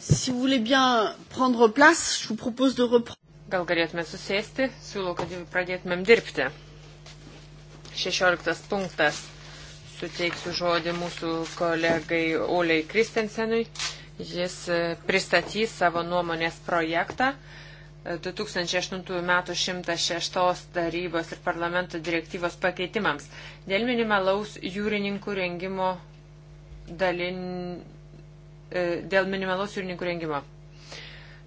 Si vous voulez bien prendre place, je vous propose de reprendre. Gal galėtume susėsti, siūlau, kad jau pradėtumėm dirbti. 16 punktas. Suteiksiu žodį mūsų kolegai Olei Kristensenui. Jis e, pristatys savo nuomonės projektą 2008 m. 106 tarybos ir parlamento direktyvos pakeitimams dėl minimalaus jūrininkų rengimo dalin E, dėl minimalos jūrininkų rengimo.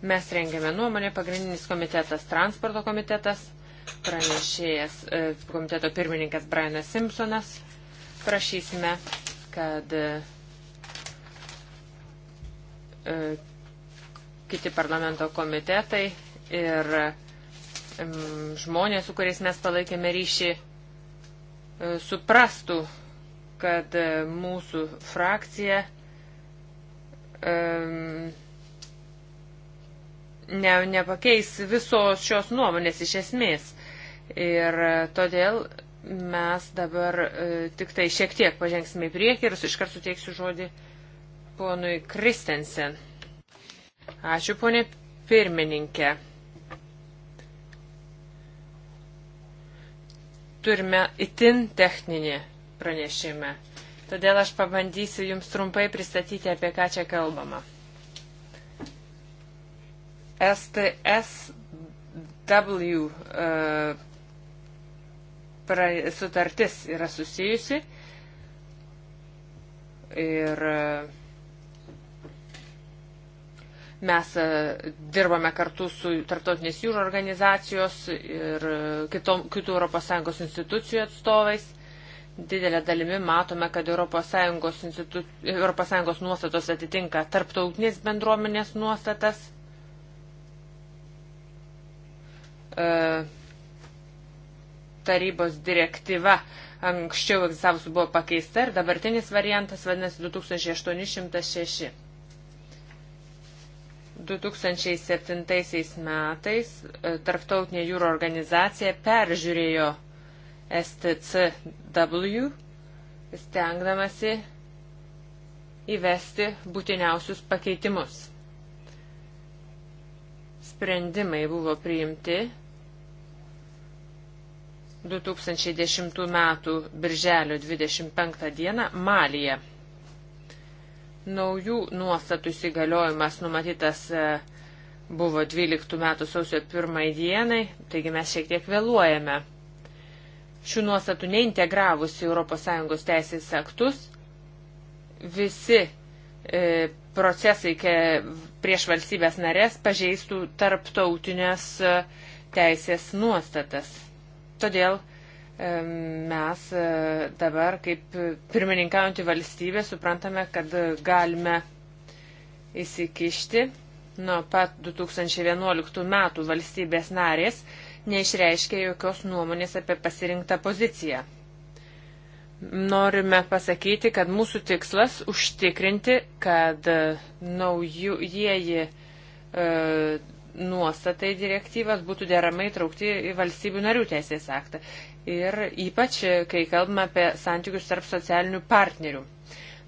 Mes rengiame nuomonę, pagrindinis komitetas, transporto komitetas, pranešėjas, e, komiteto pirmininkas Brianas Simpsonas. Prašysime, kad e, kiti parlamento komitetai ir žmonės, su kuriais mes palaikėme ryšį, suprastų, kad mūsų frakcija um, ne, nepakeis visos šios nuomonės iš esmės. Ir e, todėl mes dabar e, tik tai šiek tiek pažengsime į priekį ir iškart suteiksiu žodį ponui Kristensen. Ačiū, ponė pirmininkė. Turime itin techninį pranešimą todėl aš pabandysiu Jums trumpai pristatyti, apie ką čia kalbama. STSW e, pra, sutartis yra susijusi ir e, mes e, dirbame kartu su Tartautinės jūro organizacijos ir kitom, kitų ES institucijų atstovais didelę dalimi matome, kad ES, institu... ES nuostatos atitinka tarptautinės bendruomenės nuostatas. E, tarybos direktyva anksčiau egzistavusi buvo pakeista ir dabartinis variantas vadinasi 2806. 2007 metais e, Tarptautinė jūro organizacija peržiūrėjo STCW, stengdamasi įvesti būtiniausius pakeitimus. Sprendimai buvo priimti 2010 m. birželio 25 d. Malyje. Naujų nuostatų įsigaliojimas numatytas e, buvo 12 m. sausio 1 dienai, taigi mes šiek tiek vėluojame šių nuostatų neintegravus į ES teisės aktus, visi e, procesai prieš valstybės narės pažeistų tarptautinės e, teisės nuostatas. Todėl e, mes e, dabar kaip pirmininkaujantį valstybę suprantame, kad galime įsikišti nuo pat 2011 metų valstybės narės neišreiškė jokios nuomonės apie pasirinktą poziciją. Norime pasakyti, kad mūsų tikslas užtikrinti, kad naujieji e, nuostatai direktyvas būtų deramai traukti į valstybių narių teisės aktą. Ir ypač, e, kai kalbame apie santykius tarp socialinių partnerių.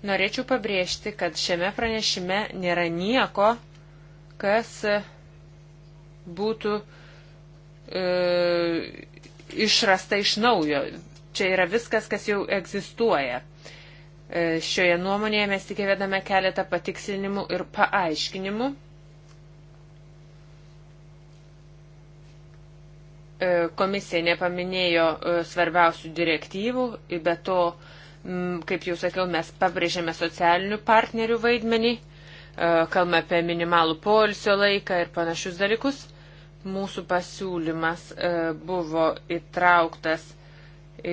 Norėčiau pabrėžti, kad šiame pranešime nėra nieko, kas būtų uh, e, išrasta iš naujo. Čia yra viskas, kas jau egzistuoja. E, šioje nuomonėje mes tik įvedame keletą patikslinimų ir paaiškinimų. E, komisija nepaminėjo e, svarbiausių direktyvų, bet to, m, kaip jau sakiau, mes pabrėžėme socialinių partnerių vaidmenį, e, kalbame apie minimalų poilsio laiką ir panašius dalykus mūsų pasiūlymas e, buvo įtrauktas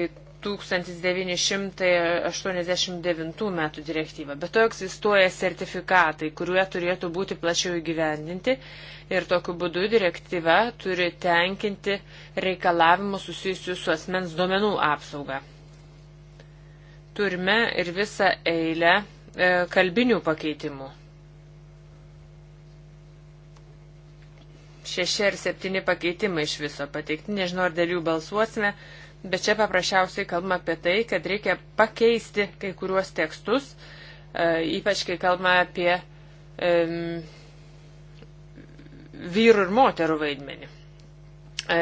į 1989 metų direktyvą. Bet to egzistuoja sertifikatai, kurie turėtų būti plačiau įgyvendinti ir tokiu būdu direktyva turi tenkinti reikalavimus susijusius su asmens duomenų apsauga. Turime ir visą eilę e, kalbinių pakeitimų. Šeši ar septyni pakeitimai iš viso pateikti, nežinau ar dėl jų balsuosime, bet čia paprasčiausiai kalbama apie tai, kad reikia pakeisti kai kuriuos tekstus, e, ypač kai kalbama apie um, vyrų ir moterų vaidmenį. E,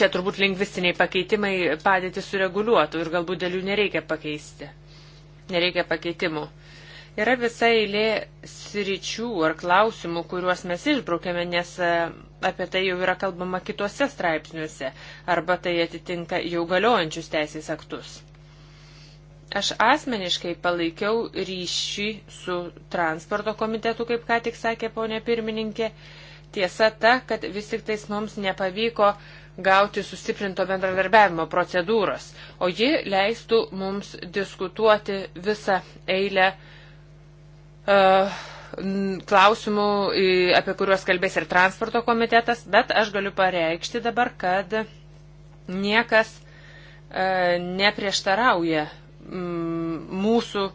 čia turbūt lingvistiniai pakeitimai padėti sureguliuotų ir galbūt dėl jų nereikia pakeisti. Nereikia pakeitimų. Yra visa eilė sričių ar klausimų, kuriuos mes išbraukėme, nes e, apie tai jau yra kalbama kitose straipsniuose, arba tai atitinka jau galiojančius teisės aktus. Aš asmeniškai palaikiau ryšį su transporto komitetu, kaip ką tik sakė ponė pirmininkė. Tiesa ta, kad vis tik tais mums nepavyko gauti sustiprinto bendradarbiavimo procedūros, o ji leistų mums diskutuoti visą eilę uh, E, klausimų, apie kuriuos kalbės ir transporto komitetas, bet aš galiu pareikšti dabar, kad niekas e, neprieštarauja mūsų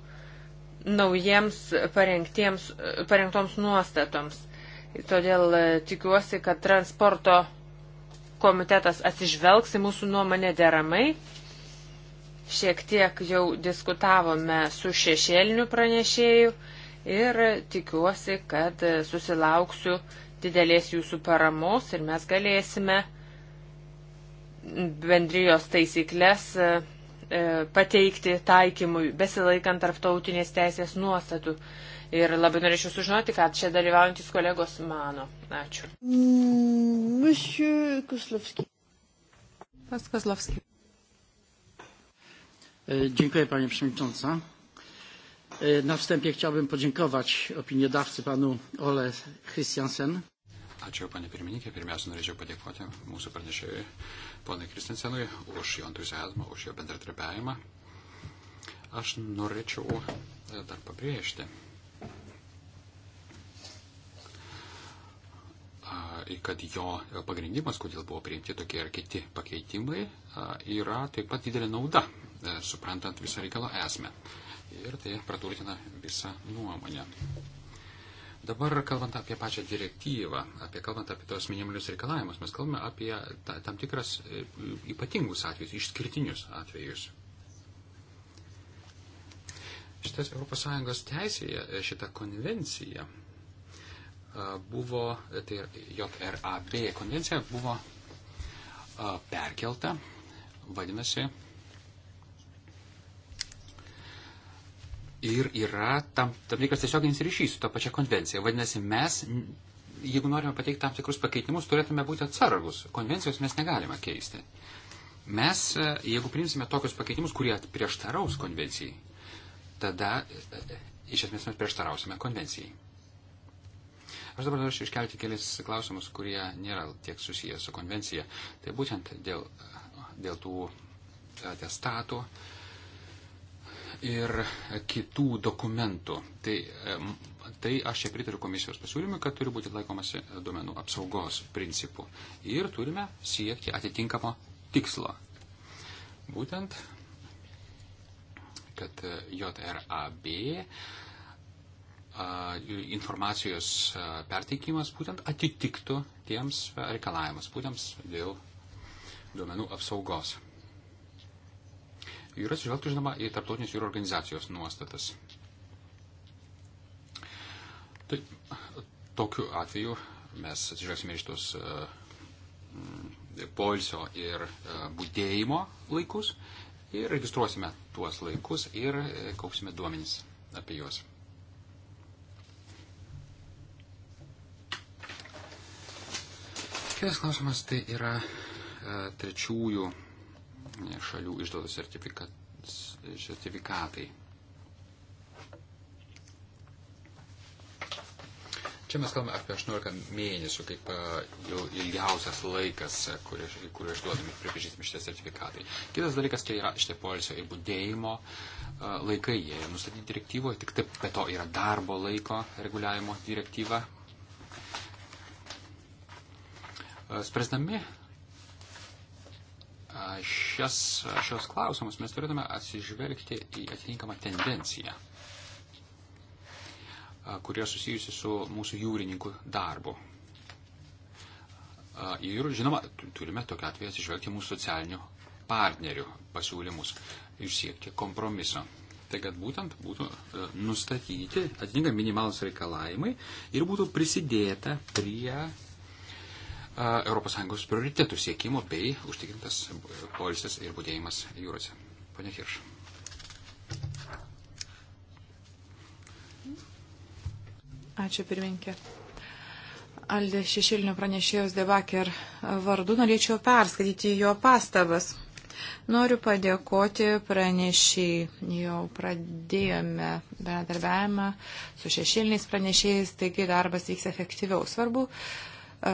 naujiems parengtoms nuostatoms. Todėl e, tikiuosi, kad transporto komitetas atsižvelgs į mūsų nuomonę deramai šiek tiek jau diskutavome su šešėliniu pranešėju ir tikiuosi, kad susilauksiu didelės jūsų paramos ir mes galėsime bendrijos taisyklės e, e, pateikti taikymui, besilaikant tarptautinės teisės nuostatų. Ir labai norėčiau sužinoti, ką čia dalyvaujantis kolegos mano. Ačiū. Mm, monsieur Koslovski. Pas Koslovski. E, dziękuję, panie przewodnicząca. E, na wstępie chciałbym podziękować opiniodawcy panu Ole Christiansen. Ačiū, panė pirmininkė. Pirmiausia, norėčiau padėkoti mūsų pranešėjui, ponai Kristinsenui, už jo entuzijazmą, už jo bendradarbiavimą. Aš norėčiau e, dar pabrėžti, kad jo pagrindimas, kodėl buvo priimti tokie ir kiti pakeitimai, yra taip pat didelė nauda, e, suprantant visą reikalo esmę ir tai praturtina visą nuomonę. Dabar kalbant apie pačią direktyvą, apie kalbant apie tos minimalius reikalavimus, mes kalbame apie ta, tam tikras e, ypatingus atvejus, išskirtinius atvejus. Šitas ES teisėje, e, šita konvencija e, buvo, tai JRAB konvencija buvo perkelta, vadinasi, ir yra tam, tam tikras tiesioginis ryšys su ta pačia konvencija. Vadinasi, mes, jeigu norime pateikti tam tikrus pakeitimus, turėtume būti atsargus. Konvencijos mes negalime keisti. Mes, e, jeigu priimsime tokius pakeitimus, kurie prieštaraus konvencijai, tada e, e, iš esmės mes prieštarausime konvencijai. Aš dabar noriu iškelti kelis klausimus, kurie nėra tiek susijęs su konvencija. Tai būtent dėl, dėl tų atestatų. Tai ir kitų dokumentų. Tai, e, tai aš čia pritariu komisijos pasiūlymui, kad turi būti laikomasi duomenų apsaugos principų. Ir turime siekti atitinkamo tikslo. Būtent, kad e, JRAB informacijos perteikimas būtent atitiktų tiems reikalavimus, būtent dėl duomenų apsaugos ir atsižvelgtų, žinoma, į tarptautinės jūrų organizacijos nuostatas. Tai tokiu atveju mes atsižvelgsime iš tos e, polsio ir e, būdėjimo laikus ir registruosime tuos laikus ir e, kauksime duomenys apie juos. Kitas klausimas tai yra trečiųjų šalių išduotų sertifikatai. Čia mes kalbame apie 18 mėnesių, kaip e, jau ilgiausias laikas, kurio, e, kurio išduodami pripažįstami šitie sertifikatai. Kitas dalykas čia tai yra šitie poilsio ir būdėjimo e, laikai, jie nustatyti direktyvoje, tik taip, be to yra darbo laiko reguliavimo direktyva. Spręsdami šias, šios klausimus mes turėtume atsižvelgti į atitinkamą tendenciją, kurie susijusi su mūsų jūrininkų darbu. Ir, žinoma, turime tokia atveju atsižvelgti mūsų socialinių partnerių pasiūlymus ir siekti kompromiso. Tai kad būtent būtų e, nustatyti atitinkami minimalus reikalavimai ir būtų prisidėta prie ES prioritetų siekimo bei užtikrintas polisis ir būdėjimas jūrose. Pane Hirš. Ačiū pirminkė. Aldė šešėlinio pranešėjos debaker vardu norėčiau perskaityti jo pastabas. Noriu padėkoti pranešiai. Jau pradėjome bendradarbiavimą su šešėliniais pranešėjais, taigi darbas vyks efektyviau. Svarbu uh,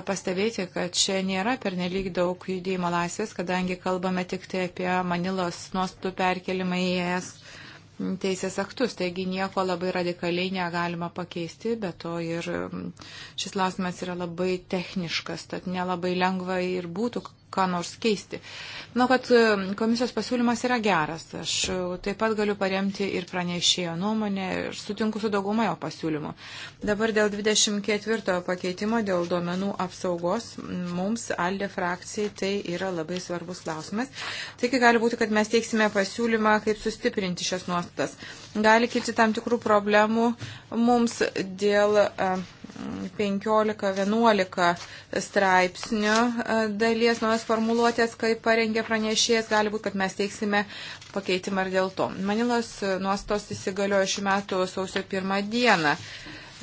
pastebėti, kad čia nėra pernelyg daug judėjimo laisvės, kadangi kalbame tik tai apie Manilos nuostatų perkelimą į ES teisės aktus, taigi nieko labai radikaliai negalima pakeisti, bet to ir mm, šis klausimas yra labai techniškas, tad nelabai lengva ir būtų ką nors keisti. Manau, kad e, komisijos pasiūlymas yra geras. Aš e, taip pat galiu paremti ir pranešėjo nuomonę ir sutinku su dauguma jo pasiūlymų. Dabar dėl 24 pakeitimo, dėl duomenų apsaugos, mums, Alde frakcijai, tai yra labai svarbus klausimas. Taigi gali būti, kad mes teiksime pasiūlymą, kaip sustiprinti šias nuostatas. Gali kilti tam tikrų problemų mums dėl. Uh, 15-11 straipsnių e, dalies naujas formuluotės, kaip parengė pranešėjas, gali būti, kad mes teiksime pakeitimą ir dėl to. Manilas nuostos įsigaliojo šių metų sausio pirmą dieną.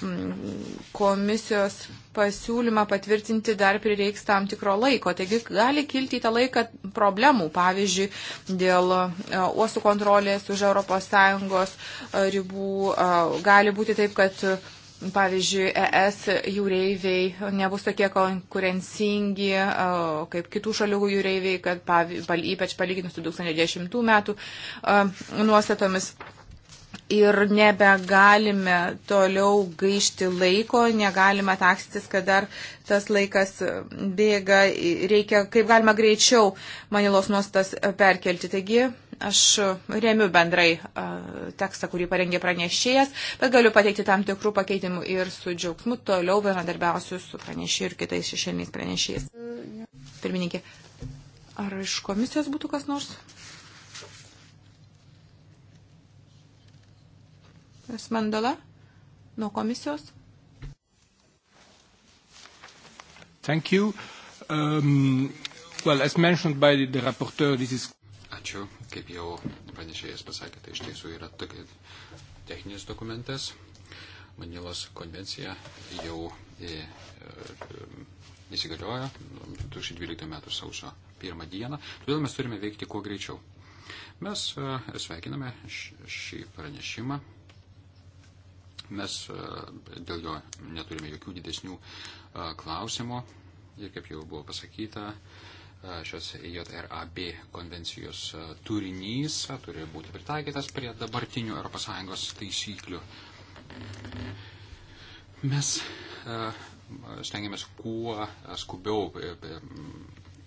Mm, komisijos pasiūlymą patvirtinti dar prireiks tam tikro laiko. Taigi gali kilti į tą laiką problemų, pavyzdžiui, dėl e, uostų kontrolės už ES e, ribų. Gali būti taip, kad pavyzdžiui, ES jūreiviai nebus tokie konkurencingi kaip kitų šalių jūreiviai, kad pavyzdžiui, ypač palyginus su 2010 metų nuostatomis. Ir nebegalime toliau gaišti laiko, negalime takstytis, kad dar tas laikas bėga, reikia kaip galima greičiau Manilos nuostas perkelti. Taigi, Aš remiu bendrai tekstą, kurį parengė pranešėjas, bet galiu pateikti tam tikrų pakeitimų ir su džiaugsmu toliau bendradarbiausiu su pranešėju ir kitais šešėliniais pranešėjais. Pirmininkė, ar iš komisijos būtų kas nors? Smandola, nuo komisijos. Thank you. Um, well, as mentioned by the, the rapporteur, this is... Ačiū kaip jau pranešėjas pasakė, tai iš tiesų yra tokia techninis dokumentas. Manilos konvencija jau e, e, įsigaliojo 2012 m. sausio 1 dieną, todėl mes turime veikti kuo greičiau. Mes e, sveikiname šį pranešimą. Mes dėl jo neturime jokių didesnių klausimų ir, kaip jau buvo pasakyta, šios JRAB konvencijos turinys turi būti pritaikytas prie dabartinių ES taisyklių. Mes stengiamės kuo skubiau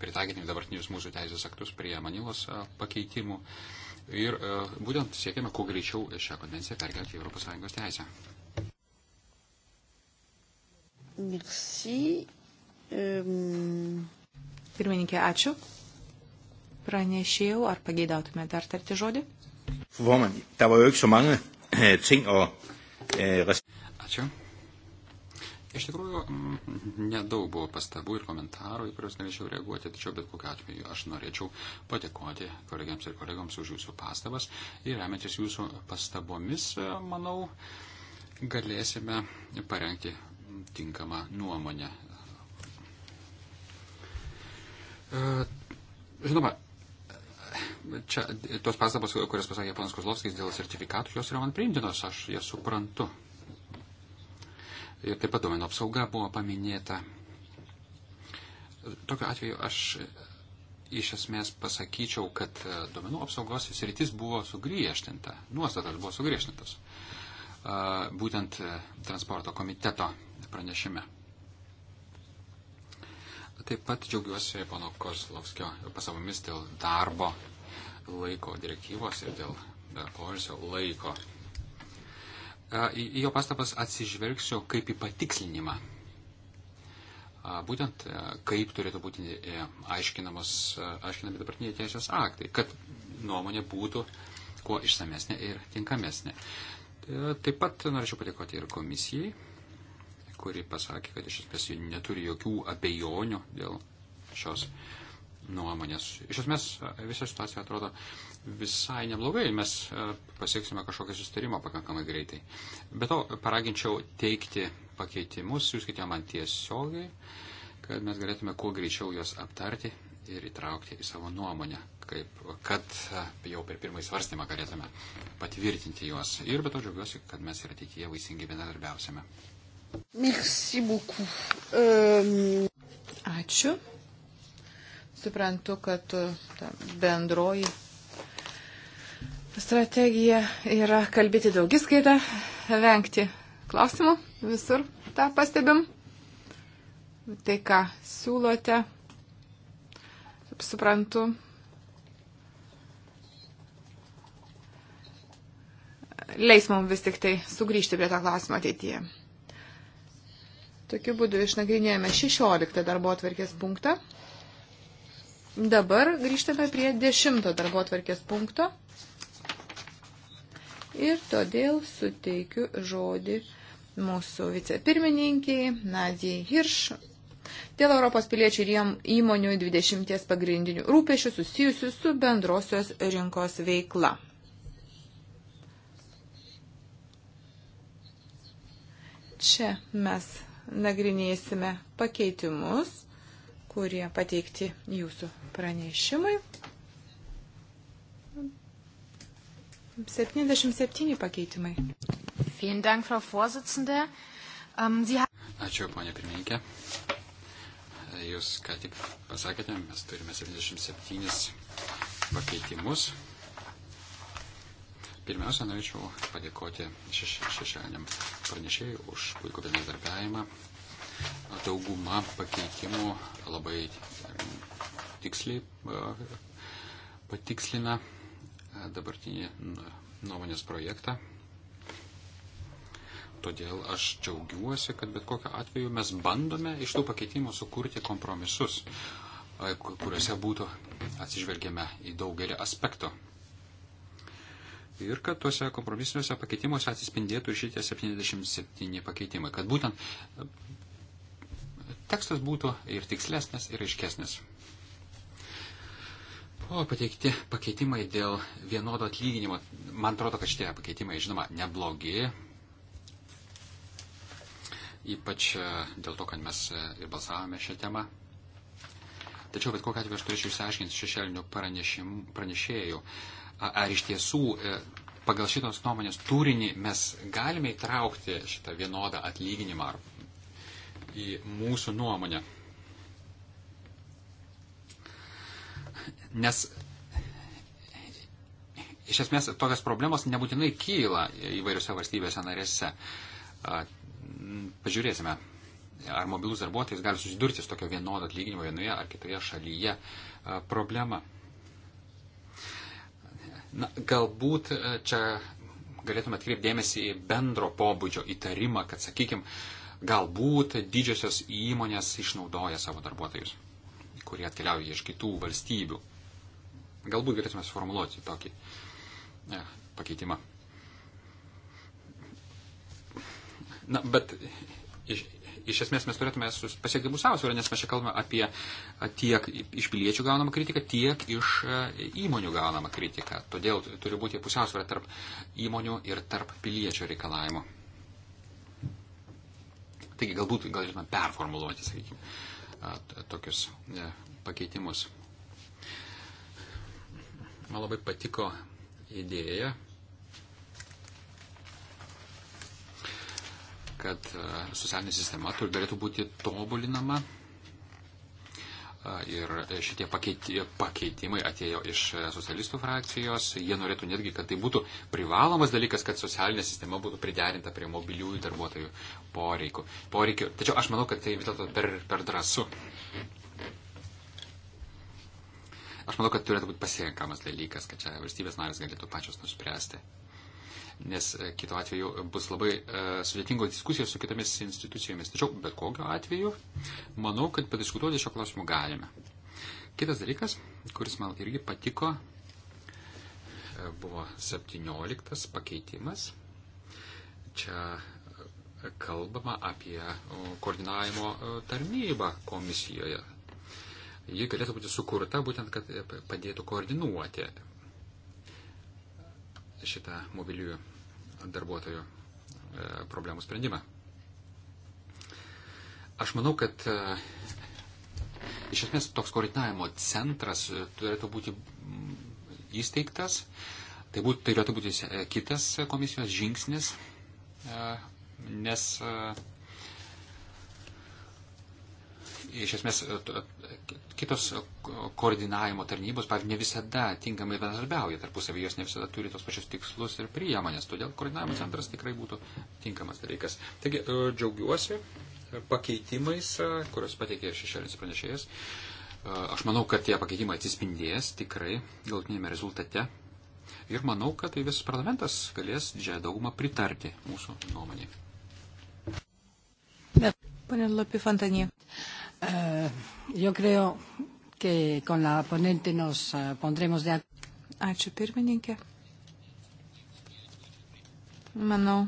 pritaikyti dabartinius mūsų teisės aktus prie Manilos pakeitimų ir būtent siekiame kuo greičiau šią konvenciją perkelti į ES teisę. Merci. Um... Pirmininkė, ačiū. Pranešėjau, ar pageidautume dar tarti žodį? Øh, øh, ačiū. Iš tikrųjų, mm, nedaug buvo pastabų ir komentarų, į kuriuos norėčiau reaguoti, tačiau bet kokiu atveju aš norėčiau patikoti kolegiams ir kolegoms už jūsų pastabas ir remiantis jūsų pastabomis, manau, galėsime parengti tinkamą nuomonę E, žinoma, čia tos pastabos, kurias pasakė panas Kozlovskis dėl sertifikatų, jos yra man priimtinos, aš jas suprantu. Ir taip pat duomenų apsauga buvo paminėta. Tokiu atveju aš iš esmės pasakyčiau, kad e, duomenų apsaugos sritis buvo sugriežtinta, nuostatas buvo sugriežtintas e, būtent transporto komiteto pranešime. Taip pat džiaugiuosi pono Kozlovskio pasabomis dėl darbo laiko direktyvos ir dėl e, poilsio laiko. E, į jo pastabas atsižvelgsiu kaip į patikslinimą. E, būtent kaip turėtų būti aiškinami dabartiniai teisės aktai, kad nuomonė būtų kuo išsamesnė ir tinkamesnė. Taip pat norėčiau padėkoti ir komisijai kuri pasakė, kad iš esmės neturi jokių abejonių dėl šios nuomonės. Iš esmės visa situacija atrodo visai neblogai, mes e, pasieksime kažkokią sustarimą pakankamai greitai. Bet to paraginčiau teikti pakeitimus, siūskite man tiesiogiai, kad mes galėtume kuo greičiau juos aptarti ir įtraukti į savo nuomonę, kaip, kad e, jau per pirmąjį svarstymą galėtume patvirtinti juos. Ir be to džiaugiuosi, kad mes ir ateityje vaisingai bendradarbiausime. Merci beaucoup. Um... Ačiū. Suprantu, kad uh, bendroji strategija yra kalbėti daugiskaitą, vengti klausimų, visur tą pastebim. Tai ką siūlote, suprantu. Leis mums vis tik tai sugrįžti prie tą klausimą ateityje. Tokiu būdu išnagrinėjome 16 darbo atverkės punktą. Dabar grįžtame prie 10 darbo atverkės punkto. Ir todėl suteikiu žodį mūsų vicepirmininkiai Nadijai Hirš dėl Europos piliečių ir jiem įmonių 20 pagrindinių rūpešių susijusių su bendrosios rinkos veikla. Čia mes nagrinėsime pakeitimus, kurie pateikti jūsų pranešimui. 77 pakeitimai. Vielen Dank, Frau Vorsitzende. Um, Sie Ačiū, ponė pirmininkė. Jūs ką tik pasakėte, mes turime 77 pakeitimus. Pirmiausia, norėčiau padėkoti šeš, šešėliniam pranešėjui už puikų bendradarbiavimą. Dauguma pakeitimų labai tiksliai e, patikslina e, dabartinį nuomonės projektą. Todėl aš džiaugiuosi, kad bet kokiu atveju mes bandome iš tų pakeitimų sukurti kompromisus, e, kuriuose būtų atsižvelgiame į daugelį aspektų ir kad tuose kompromisiniuose pakeitimuose atsispindėtų ir šitie 77 pakeitimai, kad būtent e, tekstas būtų ir tikslesnis, ir aiškesnis. O pateikti pakeitimai dėl vienodo atlyginimo, man atrodo, kad šitie pakeitimai, žinoma, neblogi. Ypač e, dėl to, kad mes e, ir balsavome šią temą. Tačiau bet kokią atveju aš turėčiau išsiaiškinti šešėlinių pranešėjų ar iš tiesų e, pagal šitos nuomonės turinį mes galime įtraukti šitą vienodą atlyginimą į mūsų nuomonę. Nes iš esmės tokios problemos nebūtinai kyla įvairiose valstybėse narėse. Pažiūrėsime, ar mobilus darbuotojas gali susidurti su tokio vienodo atlyginimo vienoje ar kitoje šalyje problema. Na, galbūt e, čia galėtume atkreipdėmėsi į bendro pobūdžio įtarimą, kad, sakykime, galbūt didžiosios įmonės išnaudoja savo darbuotojus, kurie atkeliauja iš kitų valstybių. Galbūt galėtume suformuoluoti tokį ne, pakeitimą. Na, bet iš, iš esmės mes turėtume pasiekti pusiausvyrą, nes mes čia kalbame apie tiek iš piliečių gaunamą kritiką, tiek iš įmonių gaunamą kritiką. Todėl turi būti pusiausvyrą tarp įmonių ir tarp piliečių reikalavimų. Taigi galbūt galėtume performuluoti, sakykime, tokius e, pakeitimus. Man labai patiko idėja kad e, socialinė sistema turėtų būti tobulinama. E, ir šitie pakeitimai atėjo iš socialistų frakcijos. Jie norėtų netgi, kad tai būtų privalomas dalykas, kad socialinė sistema būtų priderinta prie mobiliųjų darbuotojų poreikių. poreikių. Tačiau aš manau, kad tai vis dėlto per, per drąsu. Aš manau, kad turėtų būti pasirenkamas dalykas, kad čia valstybės narės galėtų pačios nuspręsti nes e, kito atveju bus labai e, sudėtingos diskusijos su kitomis institucijomis. Tačiau bet kokiu atveju, manau, kad padiskutuoti šio klausimu galime. Kitas dalykas, kuris man irgi patiko, e, buvo 17 pakeitimas. Čia kalbama apie koordinavimo tarnybą komisijoje. Ji galėtų būti sukurta būtent, kad padėtų koordinuoti šitą mobiliųjų darbuotojų e, problemų sprendimą. Aš manau, kad e, iš esmės toks koordinavimo centras e, turėtų būti mm, įsteigtas. Tai, būt, tai turėtų būti kitas komisijos žingsnis, nes iš esmės e, e, kitos koordinavimo tarnybos, pavyzdžiui, ne visada tinkamai bendradarbiauja tarpusavį, jos ne visada turi tos pačius tikslus ir priemonės, todėl koordinavimo centras tikrai būtų tinkamas dalykas. Taigi, e, džiaugiuosi pakeitimais, kuriuos pateikė šešėlinis pranešėjas. Aš manau, kad tie pakeitimai atsispindės tikrai galutinėme rezultate. Ir manau, kad tai visas parlamentas galės didžiąją daugumą pritarti mūsų nuomonėje. Pane Lopi Fontanė. Uh, yo creo que con la ponente nos uh, pondremos de acuerdo. Ačiū pirmininkė. Manau,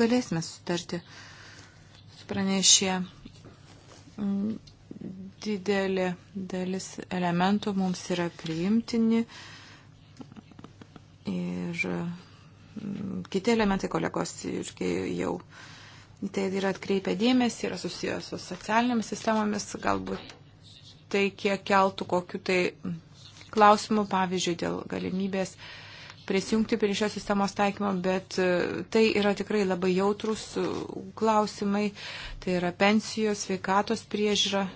galėsime sutarti su pranešė. Mm, didelė dalis elementų mums yra priimtini ir mm, kiti elementai kolegos irgi jau uh, tai yra atkreipia dėmesį, yra susijęs su socialinėmis sistemomis, galbūt tai kiek keltų kokiu tai klausimu, pavyzdžiui, dėl galimybės prisijungti prie šios sistemos taikymo, bet e, tai yra tikrai labai jautrus e, klausimai, tai yra pensijos, sveikatos priežiūra.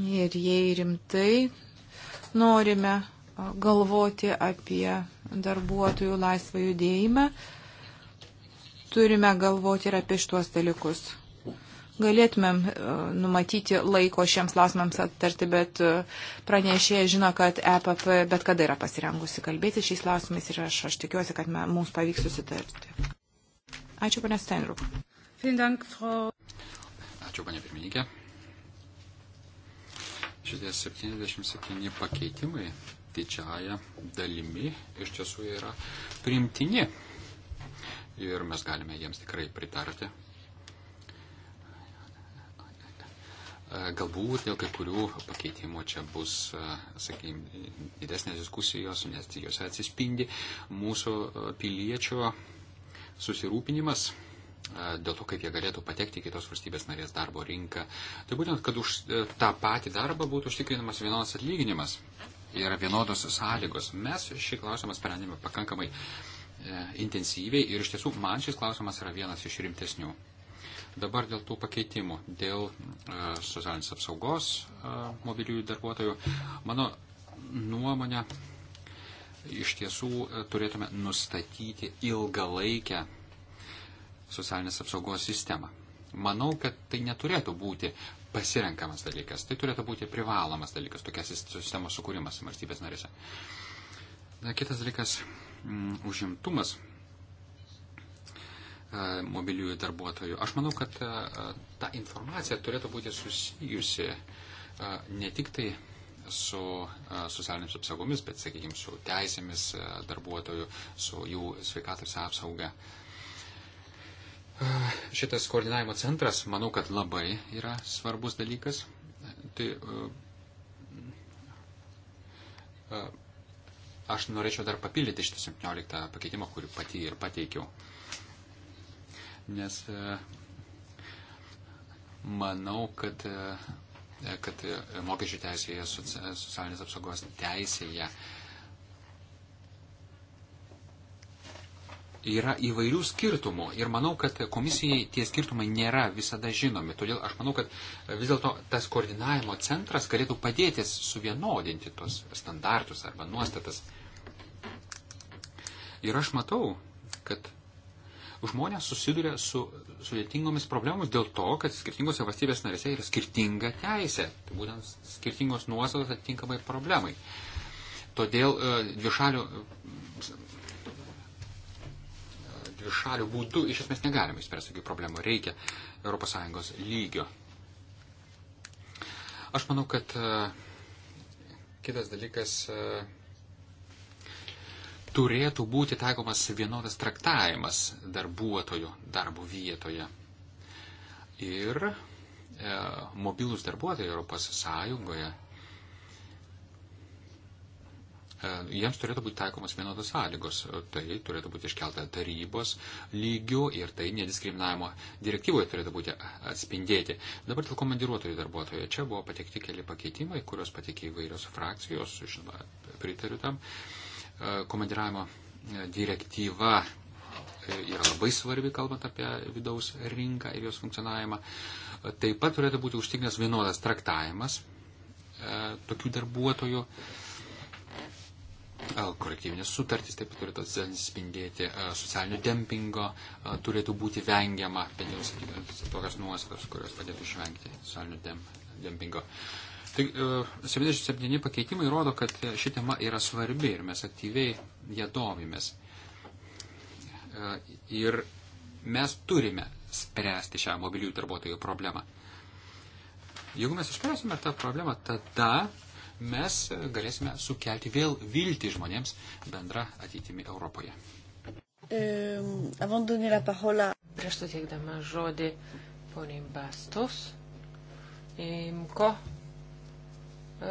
Ir jei rimtai norime e, galvoti apie darbuotojų laisvą judėjimą, turime galvoti ir apie šitos dalykus. Galėtumėm e, numatyti laiko šiems klausimams aptarti, bet e, pranešėja žino, kad EPP bet kada yra pasirengusi kalbėti šiais klausimais ir aš, aš tikiuosi, kad mums pavyks susitarti. Ačiū, ponė Steinruk. Ačiū, ponė pirmininkė. Šitie 77 pakeitimai didžiaja dalimi iš tiesų yra primtini ir mes galime jiems tikrai pritarti. Galbūt dėl kai kurių pakeitimų čia bus, sakykime, didesnės diskusijos, nes juose atsispindi mūsų piliečio susirūpinimas dėl to, kaip jie galėtų patekti į kitos valstybės narės darbo rinką. Tai būtent, kad už tą patį darbą būtų užtikrinamas vienodas atlyginimas ir vienodos sąlygos. Mes šį klausimą sprendėme pakankamai uh, E, intensyviai ir iš tiesų man šis klausimas yra vienas iš rimtesnių. Dabar dėl tų pakeitimų, dėl e, socialinės apsaugos e, mobiliųjų darbuotojų, mano nuomonė, iš tiesų turėtume nustatyti ilgalaikę socialinės apsaugos sistemą. Manau, kad tai neturėtų būti pasirenkamas dalykas, tai turėtų būti privalomas dalykas, tokia sistemos sukūrimas valstybės narėse. Na, kitas dalykas Mm, užimtumas e, mobiliųjų darbuotojų. Aš manau, kad e, ta informacija turėtų būti susijusi e, ne tik tai su socialinėmis apsaugomis, bet, sakykime, su teisėmis darbuotojų, su jų sveikatos apsauga. Šitas koordinavimo centras, manau, kad labai yra svarbus dalykas. Tai, Aš norėčiau dar papildyti šitą 17 pakeitimą, kurį pati ir pateikiau. Nes e, manau, kad, e, kad e, mokesčių teisėje, socialinės apsaugos teisėje yra įvairių skirtumų ir manau, kad komisijai tie skirtumai nėra visada žinomi. Todėl aš manau, kad vis dėlto tas koordinavimo centras galėtų padėti suvienodinti tos standartus arba nuostatas. Mhm. Ir aš matau, kad žmonės susiduria su sudėtingomis problemomis dėl to, kad skirtingose valstybės narėse yra skirtinga teisė. Tai būtent skirtingos nuostatos atitinkamai problemai. Todėl e, dvišalių, e, dvišalių būdų iš esmės negalima išspręsti tokių problemų. Reikia ES lygio. Aš manau, kad e, kitas dalykas. A, turėtų būti taikomas vienodas traktavimas darbuotojų darbo vietoje. Ir e, mobilus darbuotojai Europos Sąjungoje, e, jiems turėtų būti taikomas vienodos sąlygos. Tai turėtų būti iškelta tarybos lygių ir tai nediskriminavimo direktyvoje turėtų būti atspindėti. Dabar dėl komandiruotojų darbuotojų. Čia buvo patekti keli pakeitimai, kurios patekė įvairios frakcijos, žinoma, pritariu tam. E, komandiravimo e, direktyva e, yra labai svarbi, kalbant apie vidaus rinką ir jos funkcionavimą. E, taip pat turėtų būti užtikrinęs vienodas traktavimas tokių darbuotojų. Kolektyvinės sutartys taip pat turėtų atsispindėti, socialinio dempingo turėtų būti vengiama, bent jau tokias nuostatas, kurios padėtų išvengti socialinio dempingo. Uh, Tai e, 77 pakeitimai rodo, kad ši tema yra svarbi ir mes aktyviai ją domimės. E, ir mes turime spręsti šią mobiliųjų darbuotojų problemą. Jeigu mes išspręsime tą problemą, tada mes galėsime sukelti vėl viltį žmonėms bendrą ateitimi Europoje. Prieš suteikdama žodį poniai Bastos, Imko E,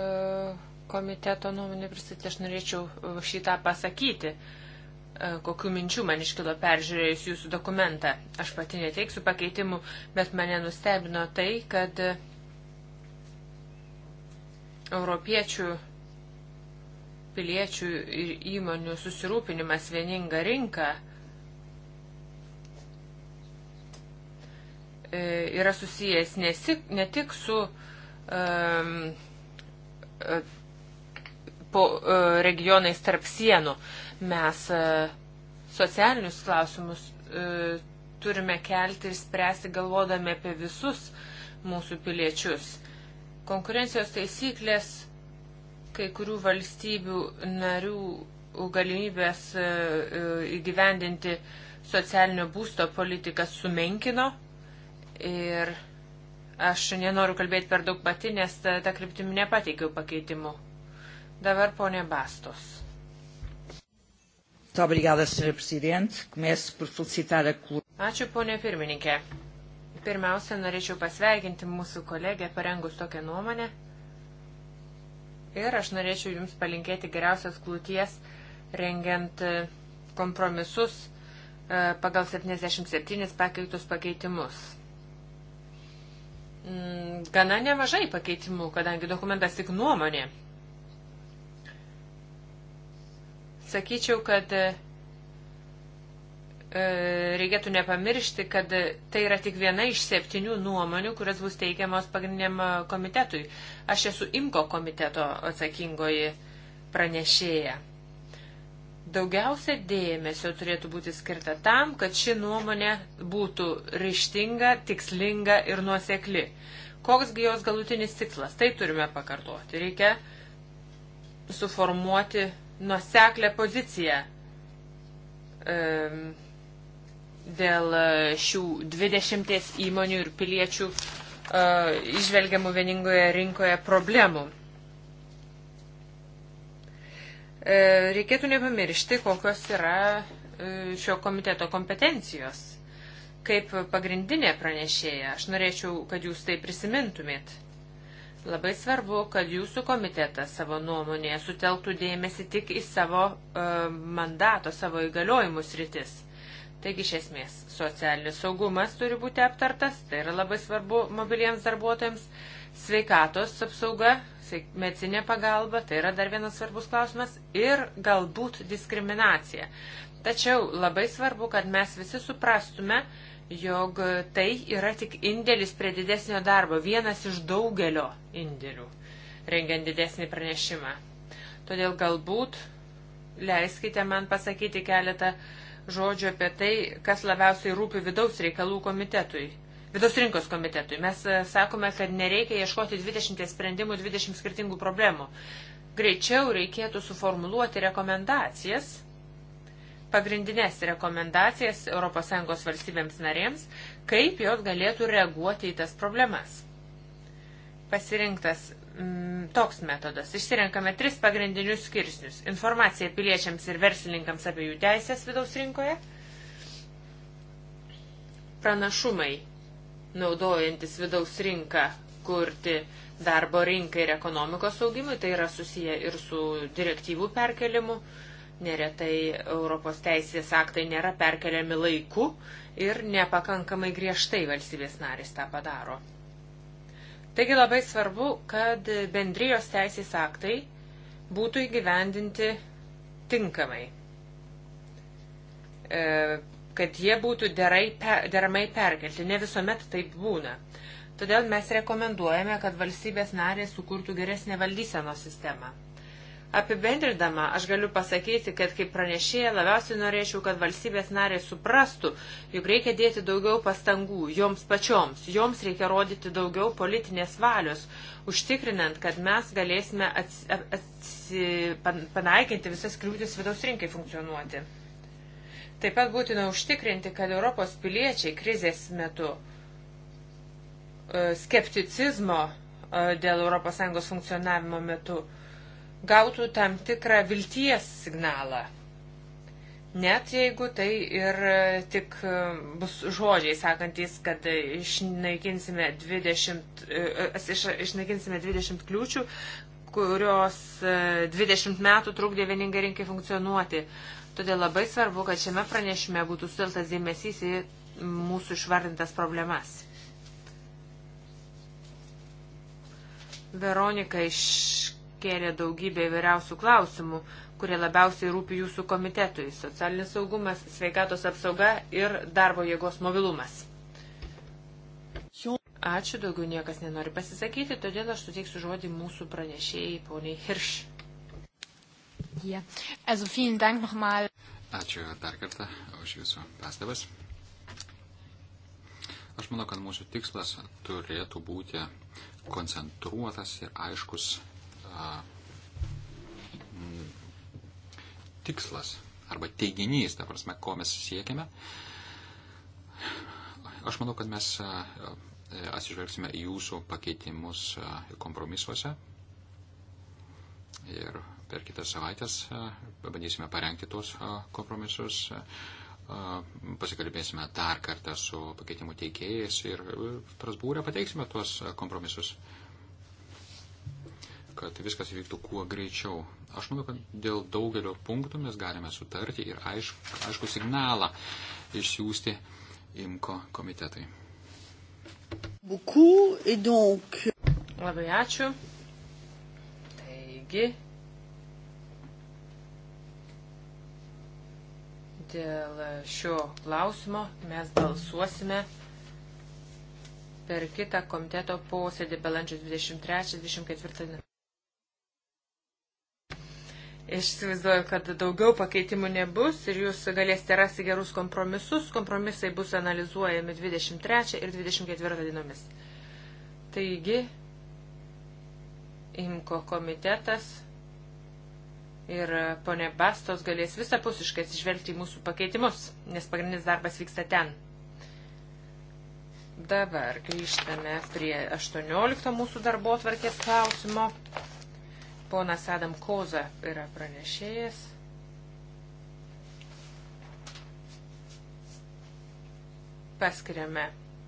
komiteto nuomonė pristatyti, aš norėčiau e, šitą pasakyti, e, kokiu minčiu man iškilo peržiūrėjus jūsų dokumentą. Aš pati neteiksiu pakeitimų, bet mane nustebino tai, kad europiečių piliečių ir įmonių susirūpinimas vieninga rinka yra susijęs ne tik su um, po e, regionais tarp sienų. Mes e, socialinius klausimus e, turime kelti ir spręsti galvodami apie visus mūsų piliečius. Konkurencijos taisyklės kai kurių valstybių narių galimybės įgyvendinti socialinio būsto politiką sumenkino ir Aš nenoriu kalbėti per daug pati, nes tą kryptimį nepateikiau pakeitimu. Dabar ponė Bastos. Ačiū, ponė pirmininkė. Pirmiausia, norėčiau pasveikinti mūsų kolegę parengus tokią nuomonę. Ir aš norėčiau Jums palinkėti geriausios klūties, rengiant e, kompromisus e, pagal 77 pakeiktus pakeitimus. Mm, gana nemažai pakeitimų, kadangi dokumentas tik nuomonė. Sakyčiau, kad e, e, reikėtų nepamiršti, kad tai yra tik viena iš septynių nuomonių, kurias bus teikiamos pagrindiniam e, komitetui. Aš esu IMKO komiteto atsakingoji pranešėja. Daugiausia dėmesio turėtų būti skirta tam, kad ši nuomonė būtų ryštinga, tikslinga ir nuosekli. Koksgi jos galutinis tikslas? Tai turime pakartoti. Reikia suformuoti nuoseklę poziciją dėl šių 20 įmonių ir piliečių e, išvelgiamų vieningoje rinkoje problemų. E, reikėtų nepamiršti, kokios yra e, šio komiteto kompetencijos. Kaip pagrindinė pranešėja, aš norėčiau, kad jūs tai prisimintumėt. Labai svarbu, kad jūsų komitetas savo nuomonėje sutelktų dėmesį tik į savo e, mandato, savo įgaliojimus rytis. Taigi, iš esmės, socialinis saugumas turi būti aptartas, tai yra labai svarbu mobiliems darbuotojams, sveikatos apsauga, medicinė pagalba, tai yra dar vienas svarbus klausimas, ir galbūt diskriminacija. Tačiau labai svarbu, kad mes visi suprastume, jog tai yra tik indėlis prie didesnio darbo, vienas iš daugelio indėlių, rengiant didesnį pranešimą. Todėl galbūt leiskite man pasakyti keletą žodžių apie tai, kas labiausiai rūpi vidaus reikalų komitetui. Vidaus rinkos komitetui. Mes e, sakome, kad nereikia ieškoti 20 sprendimų, 20 skirtingų problemų. Greičiau reikėtų suformuluoti rekomendacijas, pagrindinės rekomendacijas ES valstybėms narėms, kaip jos galėtų reaguoti į tas problemas. Pasirinktas mm, toks metodas. Išsirenkame tris pagrindinius skirsnius. Informacija piliečiams ir verslininkams apie jų teisės vidaus rinkoje. Pranašumai naudojantis vidaus rinką kurti darbo rinkai ir ekonomikos augimui, tai yra susiję ir su direktyvų perkelimu. Neretai Europos teisės aktai nėra perkeliami laiku ir nepakankamai griežtai valstybės narys tą padaro. Taigi labai svarbu, kad bendrijos teisės aktai būtų įgyvendinti tinkamai. E, kad jie būtų derai, deramai perkelti. Ne visuomet taip būna. Todėl mes rekomenduojame, kad valstybės narės sukurtų geresnę valdyseno sistemą. Apibendrindama, aš galiu pasakyti, kad kaip pranešėja labiausiai norėčiau, kad valstybės narės suprastų, jog reikia dėti daugiau pastangų joms pačioms, joms reikia rodyti daugiau politinės valios, užtikrinant, kad mes galėsime ats, ats, panaikinti visas kliūtis vidaus rinkai funkcionuoti. Taip pat būtina užtikrinti, kad Europos piliečiai krizės metu e, skepticizmo e, dėl ES funkcionavimo metu gautų tam tikrą vilties signalą. Net jeigu tai ir e, tik bus žodžiai sakantis, kad išnaikinsime 20, išnaikinsime 20 kliūčių, kurios 20 metų trukdė vieningai rinkai funkcionuoti. Todėl labai svarbu, kad šiame pranešime būtų suteltas dėmesys į mūsų išvardintas problemas. Veronika iškėlė daugybę įvairiausių klausimų, kurie labiausiai rūpi jūsų komitetui - socialinis saugumas, sveikatos apsauga ir darbo jėgos mobilumas. Ačiū, daugiau niekas nenori pasisakyti, todėl aš suteiksiu žodį mūsų pranešėjai, poniai Hirš. Hier. Also vielen Dank nochmal. Ačiū dar kartą už Jūsų pastabas. Aš manau, kad mūsų tikslas turėtų būti koncentruotas ir aiškus a, m, tikslas arba teiginys, ta prasme, ko mes siekiame. Aš manau, kad mes a, a, atsižvelgsime į jūsų pakeitimus a, kompromisuose ir per kitas savaitės e, pabandysime parengti tuos e, kompromisus, e, pasikalbėsime dar kartą su pakeitimų teikėjais ir Strasbūrė pateiksime tuos kompromisus, kad viskas vyktų kuo greičiau. Aš manau, kad dėl daugelio punktų mes galime sutarti ir aišku, aišku signalą išsiųsti imko komitetui. Beaucoup, et donc... Labai ačiū. Taigi, Dėl šio klausimo mes balsuosime per kitą komiteto posėdį balandžio 23-24. Išsivaizduoju, kad daugiau pakeitimų nebus ir jūs galėsite rasti gerus kompromisus. Kompromisai bus analizuojami 23 ir 24 dienomis. Taigi, IMKO komitetas ir ponė Bastos galės visapusiškai atsižvelgti į mūsų pakeitimus, nes pagrindinis darbas vyksta ten. Dabar grįžtame prie 18 mūsų darbo tvarkės klausimo. Ponas Adam Koza yra pranešėjas. Paskiriame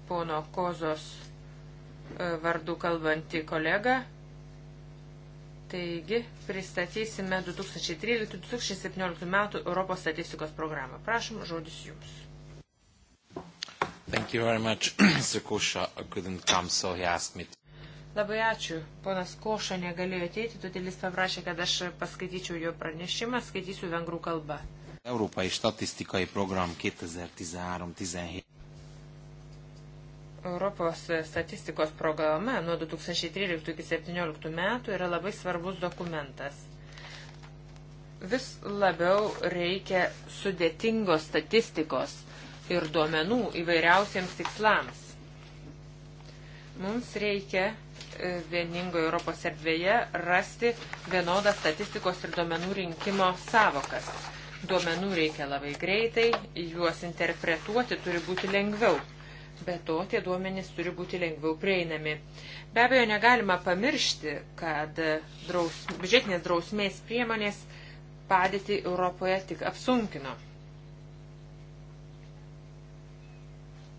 pono Kozos e, vardu kalbantį kolegą Taigi, pristatysime 2013-2017 metų Europos statistikos programą. Prašom, žodis jums. Thank you very much, Mr. Kusha. I couldn't come, so he asked me to... Labai ačiū. Ponas Koša negalėjo ateiti, todėl jis paprašė, kad aš paskaityčiau jo pranešimą, skaitysiu vengrų kalbą. Európai statisztikai program 2013-17 Europos statistikos programa nuo 2013 iki 2017 metų yra labai svarbus dokumentas. Vis labiau reikia sudėtingos statistikos ir duomenų įvairiausiems tikslams. Mums reikia e, vieningoje Europos erdvėje rasti vienodą statistikos ir duomenų rinkimo savokas. Duomenų reikia labai greitai, juos interpretuoti turi būti lengviau Be to, tie duomenys turi būti lengviau prieinami. Be abejo, negalima pamiršti, kad draus, biudžetinės drausmės priemonės padėti Europoje tik apsunkino.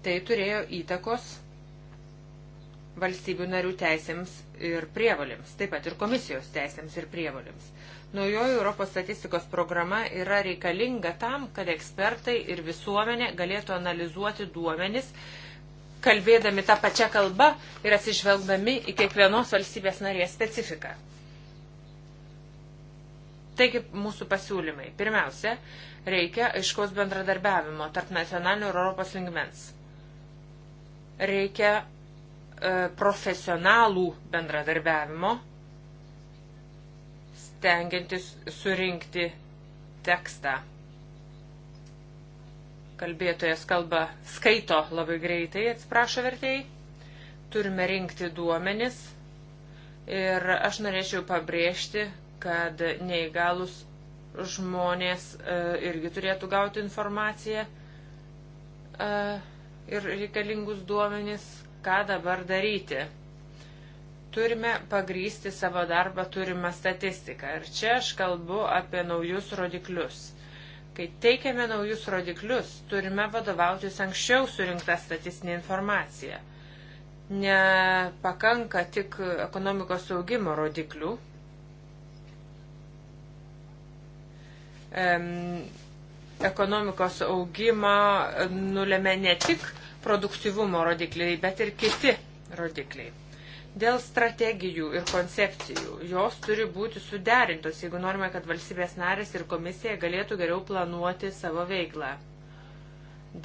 Tai turėjo įtakos valstybių narių teisėms ir prievolėms, taip pat ir komisijos teisėms ir prievolėms. Naujoji Europos statistikos programa yra reikalinga tam, kad ekspertai ir visuomenė galėtų analizuoti duomenis kalbėdami tą pačią kalbą ir atsižvelgdami į kiekvienos valstybės narės specifiką. Taigi mūsų pasiūlymai. Pirmiausia, reikia aiškaus bendradarbiavimo tarp nacionalinių ir Europos lygmens. Reikia e, profesionalų bendradarbiavimo, stengiantis surinkti tekstą Kalbėtojas kalba skaito labai greitai, atsiprašo vertėjai. Turime rinkti duomenis. Ir aš norėčiau pabrėžti, kad neįgalus žmonės e, irgi turėtų gauti informaciją e, ir reikalingus duomenis, ką dabar daryti. Turime pagrysti savo darbą turimą statistiką. Ir čia aš kalbu apie naujus rodiklius. Kai teikiame naujus rodiklius, turime vadovautis anksčiau surinktą statistinę informaciją. Nepakanka tik ekonomikos augimo rodiklių. Ehm, ekonomikos augimą nulėmė ne tik produktyvumo rodikliai, bet ir kiti rodikliai. Dėl strategijų ir koncepcijų jos turi būti suderintos, jeigu norime, kad valstybės narės ir komisija galėtų geriau planuoti savo veiklą.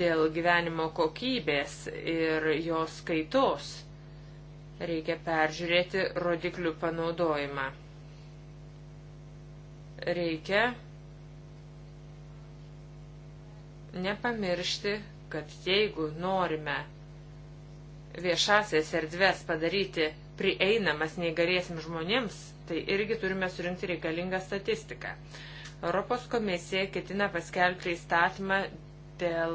Dėl gyvenimo kokybės ir jos skaitos reikia peržiūrėti rodiklių panaudojimą. Reikia nepamiršti, kad jeigu norime viešasias erdves padaryti prieinamas neįgaliesim žmonėms, tai irgi turime surinkti reikalingą statistiką. Europos komisija ketina paskelbti įstatymą dėl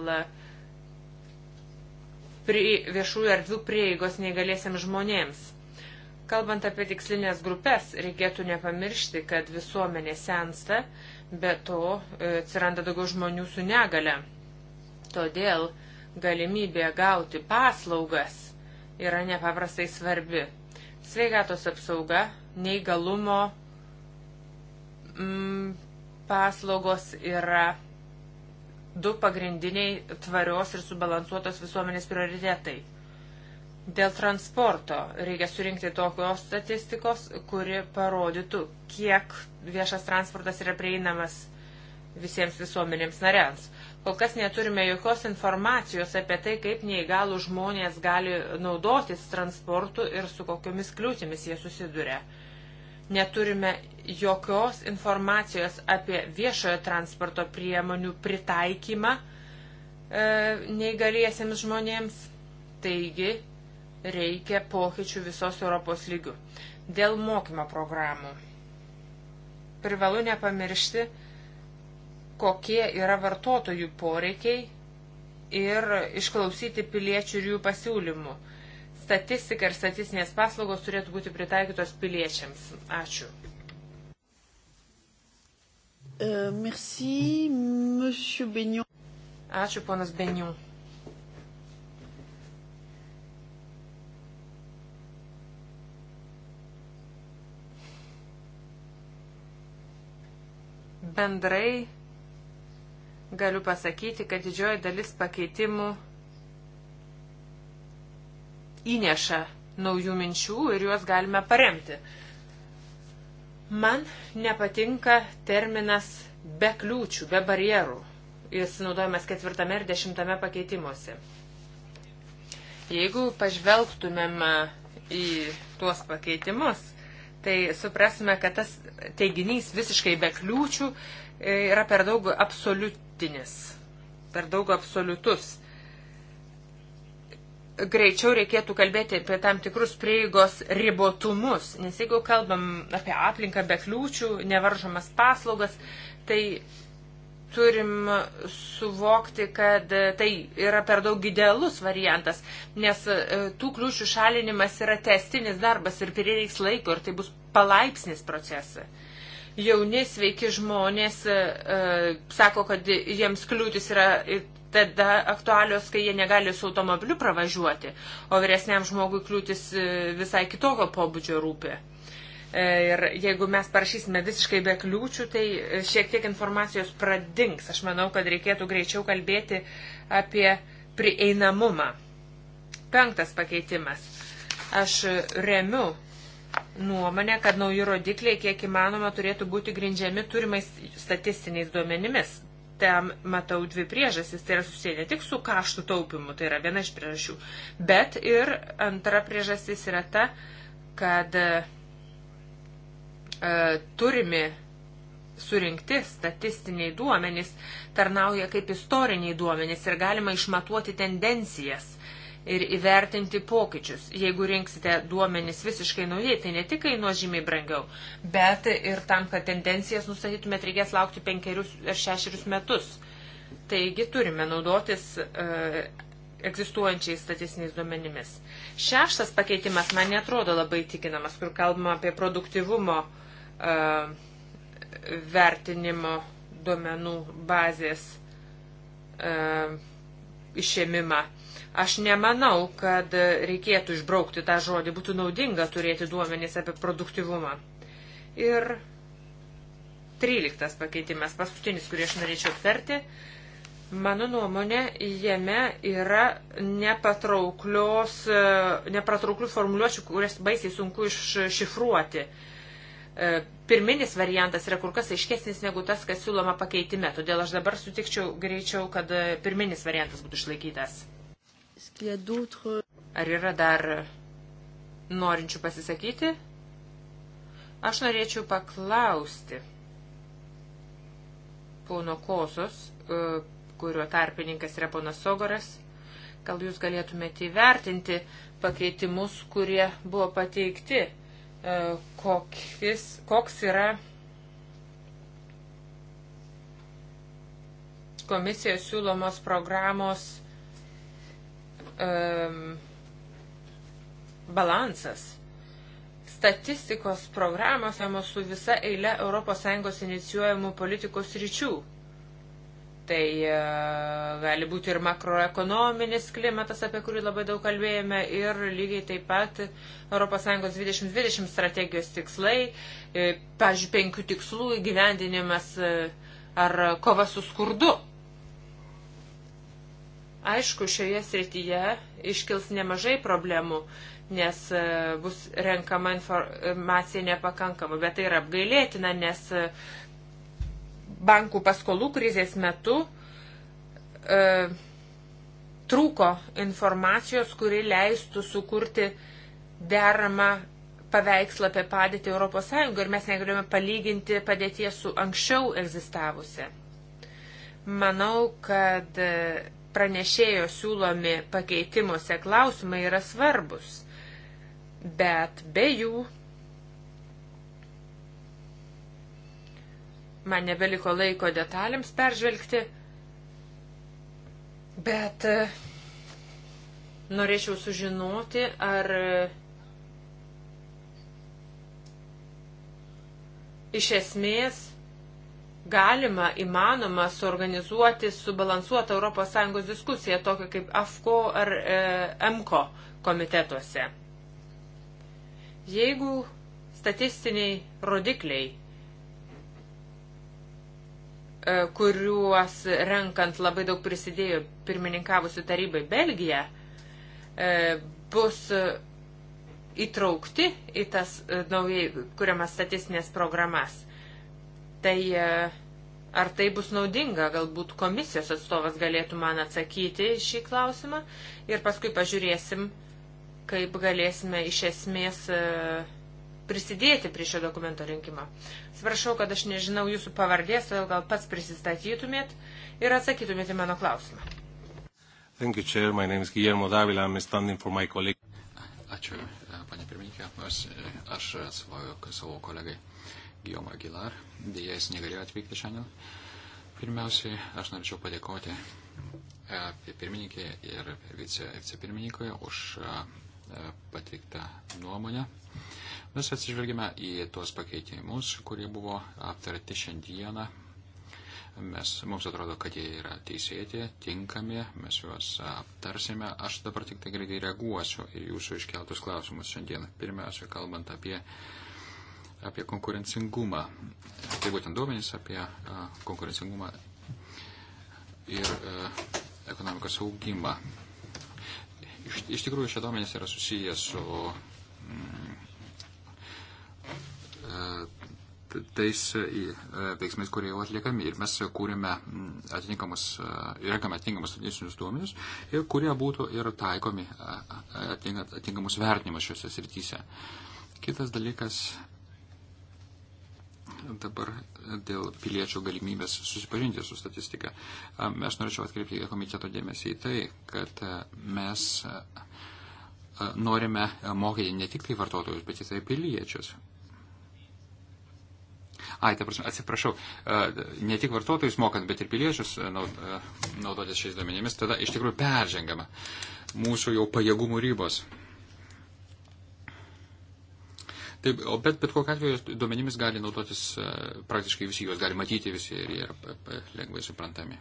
prie, viešųjų erdvių prieigos neįgalėsiam žmonėms. Kalbant apie tikslinės grupės, reikėtų nepamiršti, kad visuomenė sensta, be to e, atsiranda daugiau žmonių su negale. Todėl galimybė gauti paslaugas yra nepaprastai svarbi. Sveikatos apsauga, neįgalumo mm, paslaugos yra du pagrindiniai tvarios ir subalansuotos visuomenės prioritetai. Dėl transporto reikia surinkti tokios statistikos, kuri parodytų, kiek viešas transportas yra prieinamas visiems visuomenėms nariams. Kol kas neturime jokios informacijos apie tai, kaip neįgalų žmonės gali naudotis transportu ir su kokiomis kliūtimis jie susiduria. Neturime jokios informacijos apie viešojo transporto priemonių pritaikymą e, neįgaliesiems žmonėms. Taigi, reikia pokyčių visos Europos lygių. Dėl mokymo programų. Privalu nepamiršti, kokie yra vartotojų poreikiai ir išklausyti piliečių ir jų pasiūlymų. Statistika ir statistinės paslaugos turėtų būti pritaikytos piliečiams. Ačiū. Uh, merci, monsieur Benyon. Ačiū, ponas Benjon. Bendrai galiu pasakyti, kad didžioji dalis pakeitimų įneša naujų minčių ir juos galime paremti. Man nepatinka terminas be kliūčių, be barjerų. Jis naudojamas ketvirtame ir dešimtame pakeitimuose. Jeigu pažvelgtumėm į tuos pakeitimus, tai suprasime, kad tas teiginys visiškai be kliūčių yra per daug absoliuti vidutinis, per daug absoliutus. Greičiau reikėtų kalbėti apie tam tikrus prieigos ribotumus, nes jeigu kalbam apie aplinką be kliūčių, nevaržomas paslaugas, tai turim suvokti, kad tai yra per daug idealus variantas, nes e, tų kliūčių šalinimas yra testinis darbas ir prireiks laiko ir tai bus palaipsnis procesas. Jauni sveiki žmonės e, e, sako, kad jiems kliūtis yra tada aktualios, kai jie negali su automobiliu pravažiuoti, o vyresniam žmogui kliūtis e, visai kitokio pobūdžio rūpė. E, ir jeigu mes parašysime visiškai be kliūčių, tai šiek tiek informacijos pradings. Aš manau, kad reikėtų greičiau kalbėti apie prieinamumą. Penktas pakeitimas. Aš remiu nuomonę, kad nauji rodikliai kiek įmanoma turėtų būti grindžiami turimais statistiniais duomenimis. Tam matau dvi priežastis. Tai yra susiję ne tik su kaštų taupimu, tai yra viena iš priežasčių, bet ir antra priežastis yra ta, kad e, turimi surinkti statistiniai duomenys tarnauja kaip istoriniai duomenys ir galima išmatuoti tendencijas ir įvertinti pokyčius. Jeigu rinksite duomenis visiškai naujai, tai ne tik kainuos žymiai brangiau, bet ir tam, kad tendencijas nustatytumėt, reikės laukti penkerius ar šešerius metus. Taigi turime naudotis e, egzistuojančiais statistiniais duomenimis. Šeštas pakeitimas man netrodo labai tikinamas, kur kalbama apie produktivumo e, vertinimo duomenų bazės. E, išėmimą. Aš nemanau, kad reikėtų išbraukti tą žodį, būtų naudinga turėti duomenys apie produktivumą. Ir 13 pakeitimas, paskutinis, kurį aš norėčiau aptarti, mano nuomonė, jame yra nepatrauklios, nepatrauklių formuluočių, kurias baisiai sunku iššifruoti. Uh, E, pirminis variantas yra kur kas aiškesnis negu tas, kas siūloma pakeitime. Todėl aš dabar sutikčiau greičiau, kad e, pirminis variantas būtų išlaikytas. Ar yra dar norinčių pasisakyti? Aš norėčiau paklausti pono Kosos, e, kurio tarpininkas yra ponas Sogoras, gal jūs galėtumėte įvertinti pakeitimus, kurie buvo pateikti E, koks, koks yra komisijos siūlomos programos um, balansas. Statistikos programos emos su visa eile ES inicijuojamų politikos ryčių. Tai e, gali būti ir makroekonominis klimatas, apie kurį labai daug kalbėjome, ir lygiai taip pat ES 2020 strategijos tikslai, e, pažiūrėjau, penkių tikslų įgyvendinimas e, ar kova su skurdu. Aišku, šioje srityje iškils nemažai problemų, nes bus renkama informacija nepakankama, bet tai yra apgailėtina, nes bankų paskolų krizės metu e, trūko informacijos, kuri leistų sukurti deramą paveikslą apie padėtį ES ir mes negalėjome palyginti padėties su anksčiau egzistavusią. Manau, kad e, pranešėjo siūlomi pakeitimuose klausimai yra svarbus, bet be jų man nebeliko laiko detalėms peržvelgti, bet e, norėčiau sužinoti, ar e, iš esmės galima, įmanoma suorganizuoti subalansuotą ES diskusiją, tokią kaip AFCO ar e, MCO komitetuose. Jeigu statistiniai rodikliai E, kuriuos renkant labai daug prisidėjo pirmininkavusi tarybai Belgija, e, bus įtraukti į tas e, naujai kuriamas statistinės programas. Tai ar tai bus naudinga, galbūt komisijos atstovas galėtų man atsakyti šį klausimą ir paskui pažiūrėsim, kaip galėsime iš esmės uh, prisidėti prie šio dokumento rinkimo. Svaršau, kad aš nežinau jūsų pavardės, todėl gal pats prisistatytumėt ir atsakytumėt į mano klausimą. Thank you, Chair. My name is Guillermo Davila. I'm standing for my colleague. Ačiū, e, panė pirmininkė. Aš, e, aš atsvoju savo kolegai Guillaume Aguilar. Dėja, jis negalėjo atvykti šiandien. Pirmiausiai, aš norėčiau padėkoti e, pirmininkė ir vicepirmininkui vice už pateiktą nuomonę. Uh, Mes atsižvelgime į tuos pakeitimus, kurie buvo aptarti šiandieną. Mes, mums atrodo, kad jie yra teisėti, tinkami, mes juos aptarsime. Aš dabar tik tai greitai reaguosiu į jūsų iškeltus klausimus šiandien. Pirmiausia, kalbant apie, apie konkurencingumą. Tai būtent duomenys apie a, konkurencingumą ir a, ekonomikos augimą. Iš, iš tikrųjų, šie duomenys yra susijęs su. Mm, E, tais e, veiksmais, kurie jau atliekami. Ir mes kūrėme atitinkamus, e, renkame atitinkamus statistinius duomenis, kurie būtų ir taikomi atitinkamus vertinimus šiuose srityse. Kitas dalykas dabar dėl piliečių galimybės susipažinti su statistika. Aš norėčiau atkreipti komiteto dėmesį į tai, kad mes norime mokyti ne tik tai vartotojus, bet ir tai piliečius. Ai, ta prasme, atsiprašau, e, ne tik vartotojus mokant, bet ir piliečius e, e, naudotis šiais duomenimis, tada iš tikrųjų peržengiama mūsų jau pajėgumų ribos. Taip, o bet, bet kokiu atveju duomenimis gali naudotis praktiškai visi, juos gali matyti visi ir jie yra lengvai suprantami.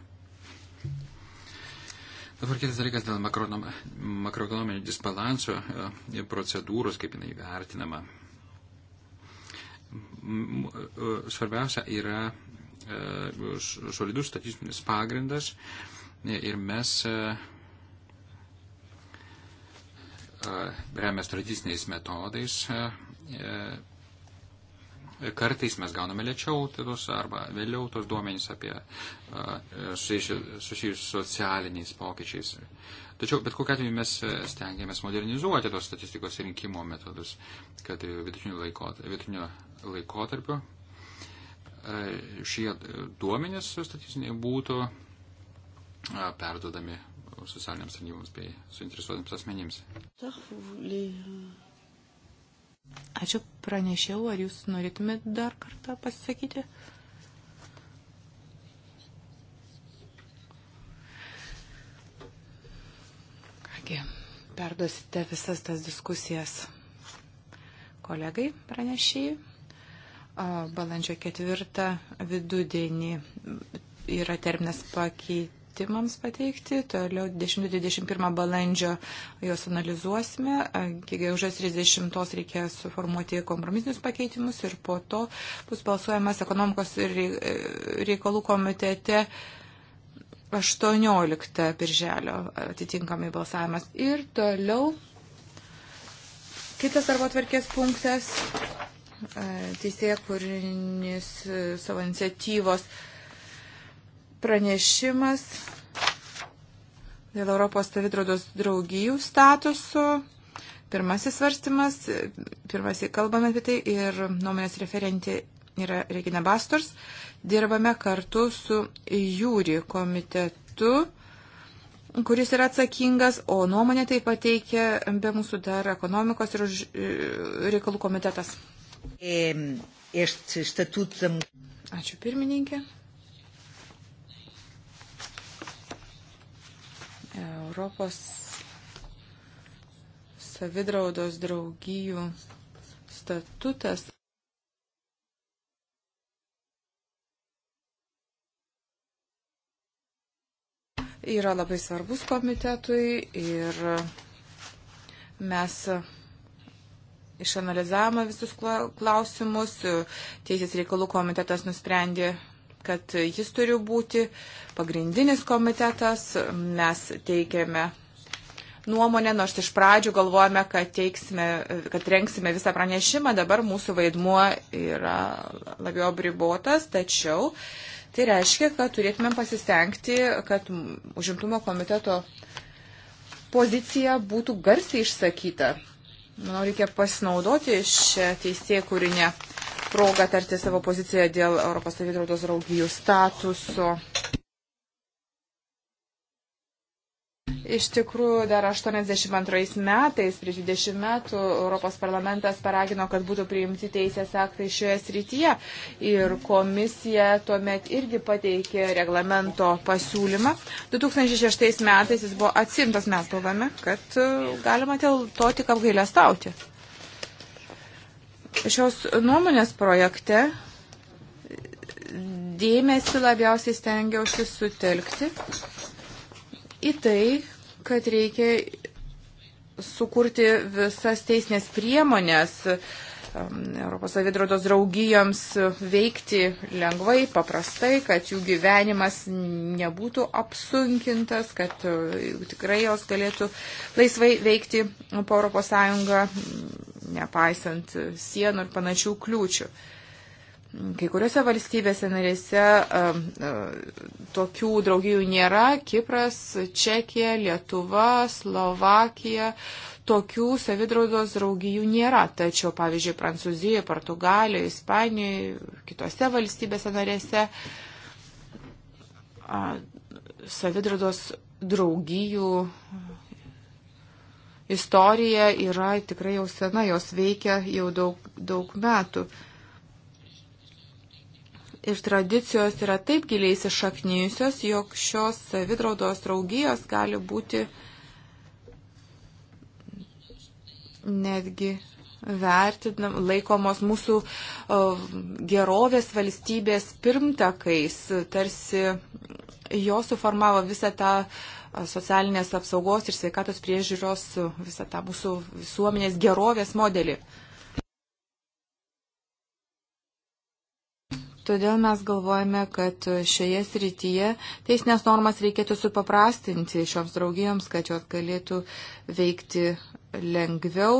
Dabar kitas dalykas dėl makroekonominio disbalanso procedūros, kaip jinai vertinama svarbiausia yra e, solidus statistinis pagrindas ir mes e, e, remės tradiciniais metodais Kartais mes gauname lėčiau tos arba vėliau tos duomenys apie e, susijusius socialiniais pokyčiais. Tačiau bet kokiu atveju mes e, stengiamės modernizuoti tos statistikos rinkimo metodus, kad vidutiniu, laikot, vidutiniu laikotarpiu e, šie duomenys statistiniai būtų perdodami socialiniams tarnyboms bei suinteresuotams asmenims. Ačiū pranešiau, ar jūs norėtumėt dar kartą pasisakyti? Kągi, perduosite visas tas diskusijas kolegai pranešėjai. Balandžio ketvirtą vidudienį yra terminas pakeitimas pakeitimams pateikti. Toliau 10-21 balandžio juos analizuosime. Iki gegužės 30 reikia suformuoti kompromisinius pakeitimus ir po to bus balsuojamas ekonomikos ir reikalų komitete 18 birželio atitinkamai balsavimas. Ir toliau kitas darbo tvarkės punktas e, teisėje kūrinis savo iniciatyvos pranešimas dėl Europos savidrodos draugijų statuso. Pirmasis svarstymas, pirmasiai kalbame apie tai ir nuomonės referentė yra Regina Bastors. Dirbame kartu su jūri komitetu, kuris yra atsakingas, o nuomonę tai pateikia be mūsų dar ekonomikos ir e, reikalų komitetas. Ačiū pirmininkė. Europos savidraudos draugijų statutas. Yra labai svarbus komitetui ir mes išanalizavome visus klausimus. Teisės reikalų komitetas nusprendė kad jis turi būti pagrindinis komitetas. Mes teikėme nuomonę, nors iš pradžių galvojame, kad, teiksime, kad renksime visą pranešimą, dabar mūsų vaidmuo yra labiau apribotas, tačiau tai reiškia, kad turėtumėm pasistengti, kad užimtumo komiteto pozicija būtų garsiai išsakyta. Manau, reikia pasinaudoti šią teisėkūrinę. kūrinę progą tarti savo poziciją dėl Europos savidraudos draugijų statuso. Iš tikrųjų, dar 82 metais, prieš 20 metų, Europos parlamentas paragino, kad būtų priimti teisės aktai šioje srityje. Ir komisija tuomet irgi pateikė reglamento pasiūlymą. 2006 metais jis buvo atsimtas, mes galvame, kad e, galima dėl to tik apgailę stauti. Šios nuomonės projekte dėmesį labiausiai stengiausi sutelkti į tai, kad reikia sukurti visas teisinės priemonės, uh, Um, Europos savidrodos draugijoms veikti lengvai, paprastai, kad jų gyvenimas nebūtų apsunkintas, kad uh, tikrai jos galėtų laisvai veikti po Europos Sąjungą, nepaisant sienų ir panašių kliūčių. Kai kuriuose valstybėse narėse um, uh, tokių draugijų nėra - Kipras, Čekija, Lietuva, Slovakija, tokių savidraudos draugijų nėra. Tačiau, pavyzdžiui, Prancūzijoje, Portugalijoje, Ispanijoje, kitose valstybėse narėse savidraudos draugijų istorija yra tikrai jau sena, jos veikia jau daug, daug metų. Ir tradicijos yra taip giliai įsišaknyjusios, jog šios savidraudos draugijos gali būti uh, netgi vertinam, laikomos mūsų gerovės valstybės pirmtakais, tarsi jo suformavo visą tą socialinės apsaugos ir sveikatos priežiūros, visą tą mūsų visuomenės gerovės modelį. Todėl mes galvojame, kad šioje srityje teisinės normas reikėtų supaprastinti šioms draugijoms, kad jos galėtų veikti lengviau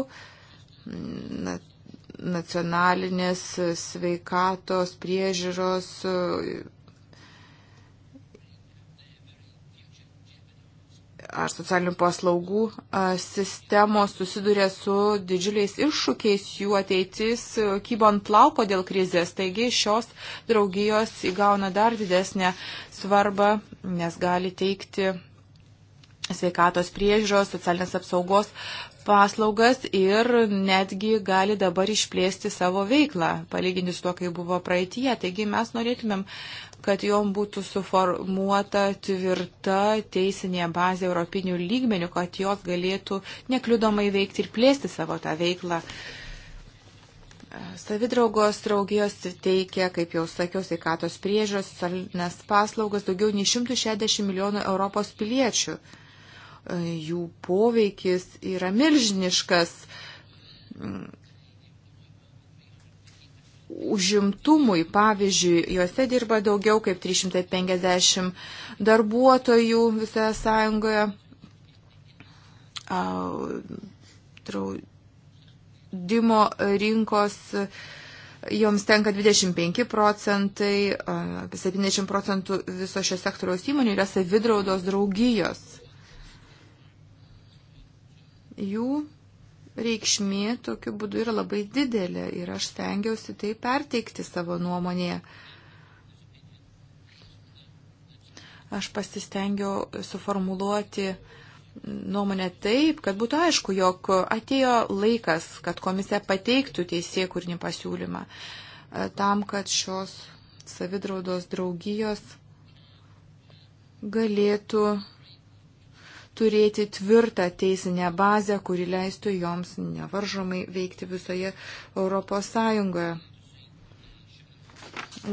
nacionalinės sveikatos priežiūros ar socialinių paslaugų sistemos susiduria su didžiuliais iššūkiais, jų ateitis e, kybant lauko dėl krizės. Taigi šios draugijos įgauna dar didesnę svarbą, nes gali teikti sveikatos priežiūros, socialinės apsaugos paslaugas ir netgi gali dabar išplėsti savo veiklą, palyginti su to, kai buvo praeitie. Taigi mes norėtumėm kad jom būtų suformuota tvirta teisinė bazė europinių lygmenių, kad jos galėtų nekliudomai veikti ir plėsti savo tą veiklą. Savidraugos draugijos teikia, kaip jau sakiau, sveikatos priežios, socialinės paslaugas daugiau nei 160 milijonų Europos piliečių. Jų poveikis yra milžiniškas užimtumui. Pavyzdžiui, juose dirba daugiau kaip 350 darbuotojų visoje sąjungoje. Draudimo rinkos joms tenka 25 procentai, 70 procentų viso šio sektoriaus įmonių yra savidraudos draugijos. Jų reikšmė tokiu būdu yra labai didelė ir aš stengiausi tai perteikti savo nuomonėje. Aš pasistengiau suformuluoti nuomonę taip, kad būtų aišku, jog atėjo laikas, kad komisija pateiktų teisė kūrinį pasiūlymą e, tam, kad šios savidraudos draugijos galėtų turėti tvirtą teisinę bazę, kuri leistų joms nevaržomai veikti visoje Europos Sąjungoje.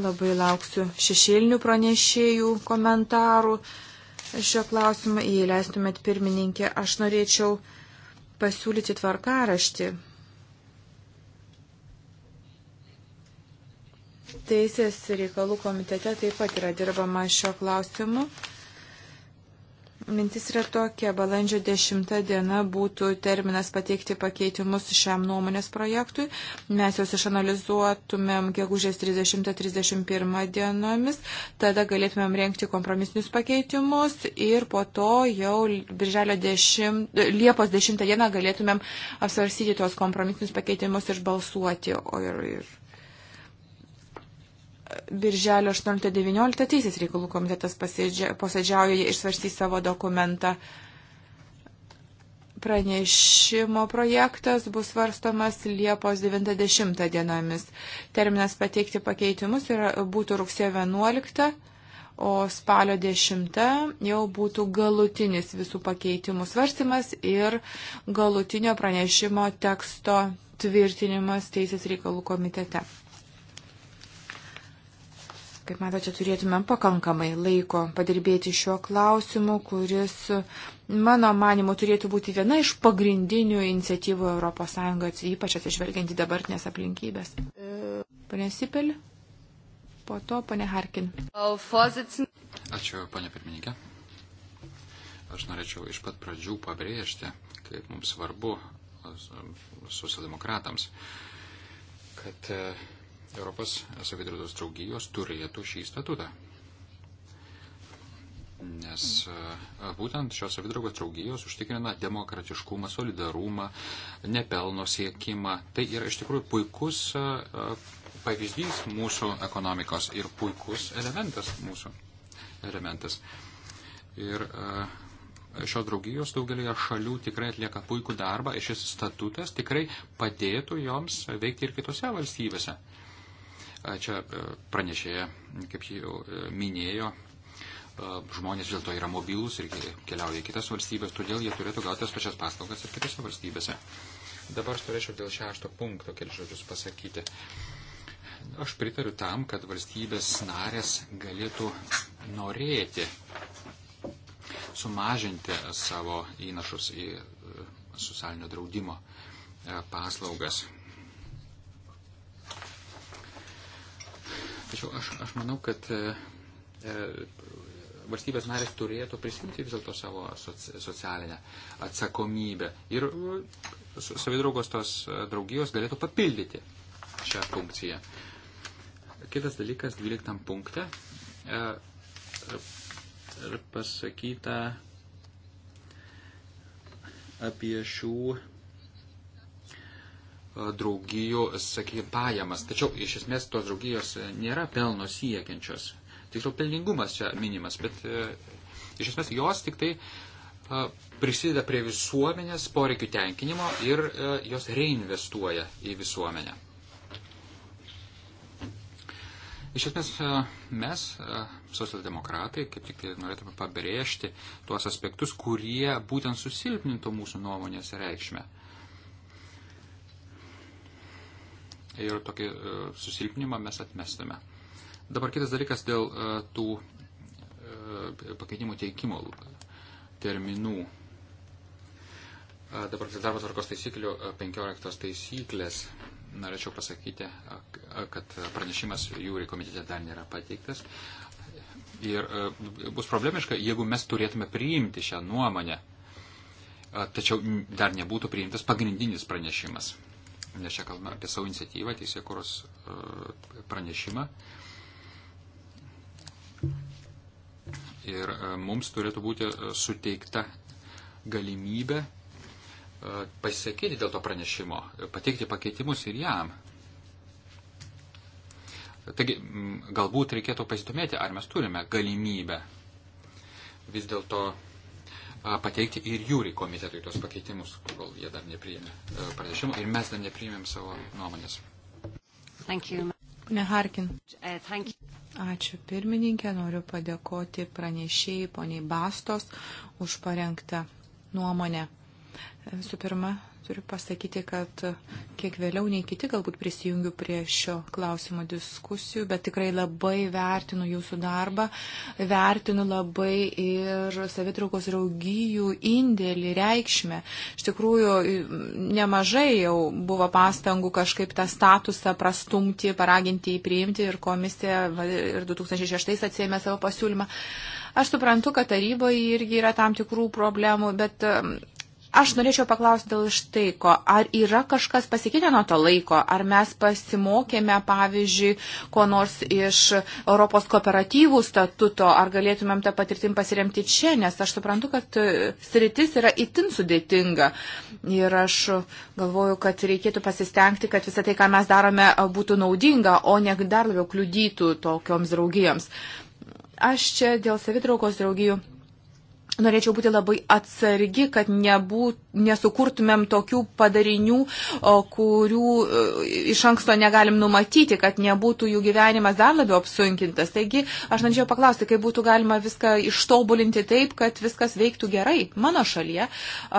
Labai lauksiu šešėlinių pranešėjų komentarų šio klausimą. Jei leistumėt pirmininkė, aš norėčiau pasiūlyti tvarkaraštį. Teisės reikalų komitete taip pat yra dirbama šio klausimu. Mintis yra tokia, balandžio 10 diena būtų terminas pateikti pakeitimus šiam nuomonės projektui. Mes juos išanalizuotumėm gegužės 30-31 dienomis, tada galėtumėm renkti kompromisinius pakeitimus ir po to jau 10, Liepos 10 dieną galėtumėm apsvarsyti tuos kompromisinius pakeitimus ir balsuoti. O ir, ir Birželio 18-19 teisės reikalų komitetas posėdžiauja ir svarstys savo dokumentą. Pranešimo projektas bus svarstomas Liepos 90 dienomis. Terminas pateikti pakeitimus yra, būtų rugsėjo 11, o spalio 10 jau būtų galutinis visų pakeitimų svarstymas ir galutinio pranešimo teksto tvirtinimas Teisės reikalų komitete. Kaip matote, turėtume pakankamai laiko padirbėti šiuo klausimu, kuris, mano manimu, turėtų būti viena iš pagrindinių iniciatyvų ES, ypač atsižvelgiant į dabartinės aplinkybės. Pane Sipelė, po to pane Harkin. Ačiū, pane pirmininkė. Aš norėčiau iš pat pradžių pabrėžti, kaip mums svarbu socialdemokratams, kad uh, Europos savidraudos draugijos turėtų šį statutą. Nes e, būtent šios savidraugos draugijos užtikrina demokratiškumą, solidarumą, nepelno siekimą. Tai yra iš tikrųjų puikus e, e, pavyzdys mūsų ekonomikos ir puikus elementas mūsų elementas. Ir šios draugijos daugelioje šalių tikrai atlieka puikų darbą ir šis statutas tikrai padėtų joms veikti ir kitose valstybėse. Čia e, pranešėja, kaip jį jau e, minėjo, e, žmonės dėl to yra mobilūs ir keliauja į kitas valstybės, todėl jie turėtų gauti tas pačias paslaugas ir kitose valstybėse. Dabar aš turėčiau dėl šešto punkto keli žodžius pasakyti. Aš pritariu tam, kad valstybės narės galėtų norėti sumažinti savo įnašus į socialinio draudimo paslaugas. Tačiau aš, aš manau, kad e, e valstybės narės turėtų prisimti vis dėlto savo socialinę atsakomybę ir e, savidraugos tos e, draugijos galėtų papildyti šią funkciją. Kitas dalykas, 12 punkte pasakyta apie šių E, draugijų, e, sakykime, pajamas. Tačiau iš esmės tos draugijos e, nėra pelno siekiančios. Tiksliau, pelningumas čia minimas, bet iš esmės jos tik tai prisideda prie visuomenės poreikių tenkinimo ir jos reinvestuoja į visuomenę. Iš esmės mes, socialdemokratai, kaip tik tai norėtume pabrėžti tuos aspektus, kurie būtent susilpnintų mūsų nuomonės reikšmę. ir tokį e, susilpnimą mes atmestume. Dabar kitas dalykas dėl e, tų e, pakeitimų teikimo terminų. Dabar dėl darbo tvarkos taisyklių 15 taisyklės norėčiau pasakyti, kad pranešimas jūrų komitete dar nėra pateiktas. Ir bus problemiška, jeigu mes turėtume priimti šią nuomonę, tačiau dar nebūtų priimtas pagrindinis pranešimas nes čia kalbame apie savo iniciatyvą, teisėkuros e, pranešimą. Ir e, mums turėtų būti e, suteikta galimybė pasisakyti dėl to pranešimo, pateikti pakeitimus ir jam. Taigi, galbūt reikėtų pasidomėti, ar mes turime galimybę vis dėlto pateikti ir jūri komitetui tos pakeitimus, kol jie dar nepriėmė e, pranešimo ir mes dar nepriėmėm savo nuomonės. Ne Harkin. E, Ačiū pirmininkė, noriu padėkoti pranešėjai poniai Bastos už parengtą nuomonę. Visų pirma, turiu pasakyti, kad kiek vėliau nei kiti galbūt prisijungiu prie šio klausimo diskusijų, bet tikrai labai vertinu jūsų darbą, vertinu labai ir savitraukos raugijų indėlį, reikšmę. Iš tikrųjų, nemažai jau buvo pastangų kažkaip tą statusą prastumti, paraginti jį priimti ir komisija ir 2006 atsėmė savo pasiūlymą. Aš suprantu, kad taryboje irgi yra tam tikrų problemų, bet Aš norėčiau paklausti dėl iš tai, ko ar yra kažkas pasikeitę nuo to laiko, ar mes pasimokėme, pavyzdžiui, ko nors iš Europos kooperatyvų statuto, ar galėtumėm tą patirtim pasiremti čia, nes aš suprantu, kad e, sritis yra itin sudėtinga. Ir aš galvoju, kad reikėtų pasistengti, kad visą tai, ką mes darome, e, būtų naudinga, o ne dar labiau kliudytų tokioms draugijoms. Aš čia dėl savitraukos draugijų norėčiau būti labai atsargi, kad nebū, nesukurtumėm tokių padarinių, kurių e, iš anksto negalim numatyti, kad nebūtų jų gyvenimas dar labiau apsunkintas. Taigi aš norėčiau paklausti, kaip būtų galima viską ištobulinti taip, kad viskas veiktų gerai mano šalyje.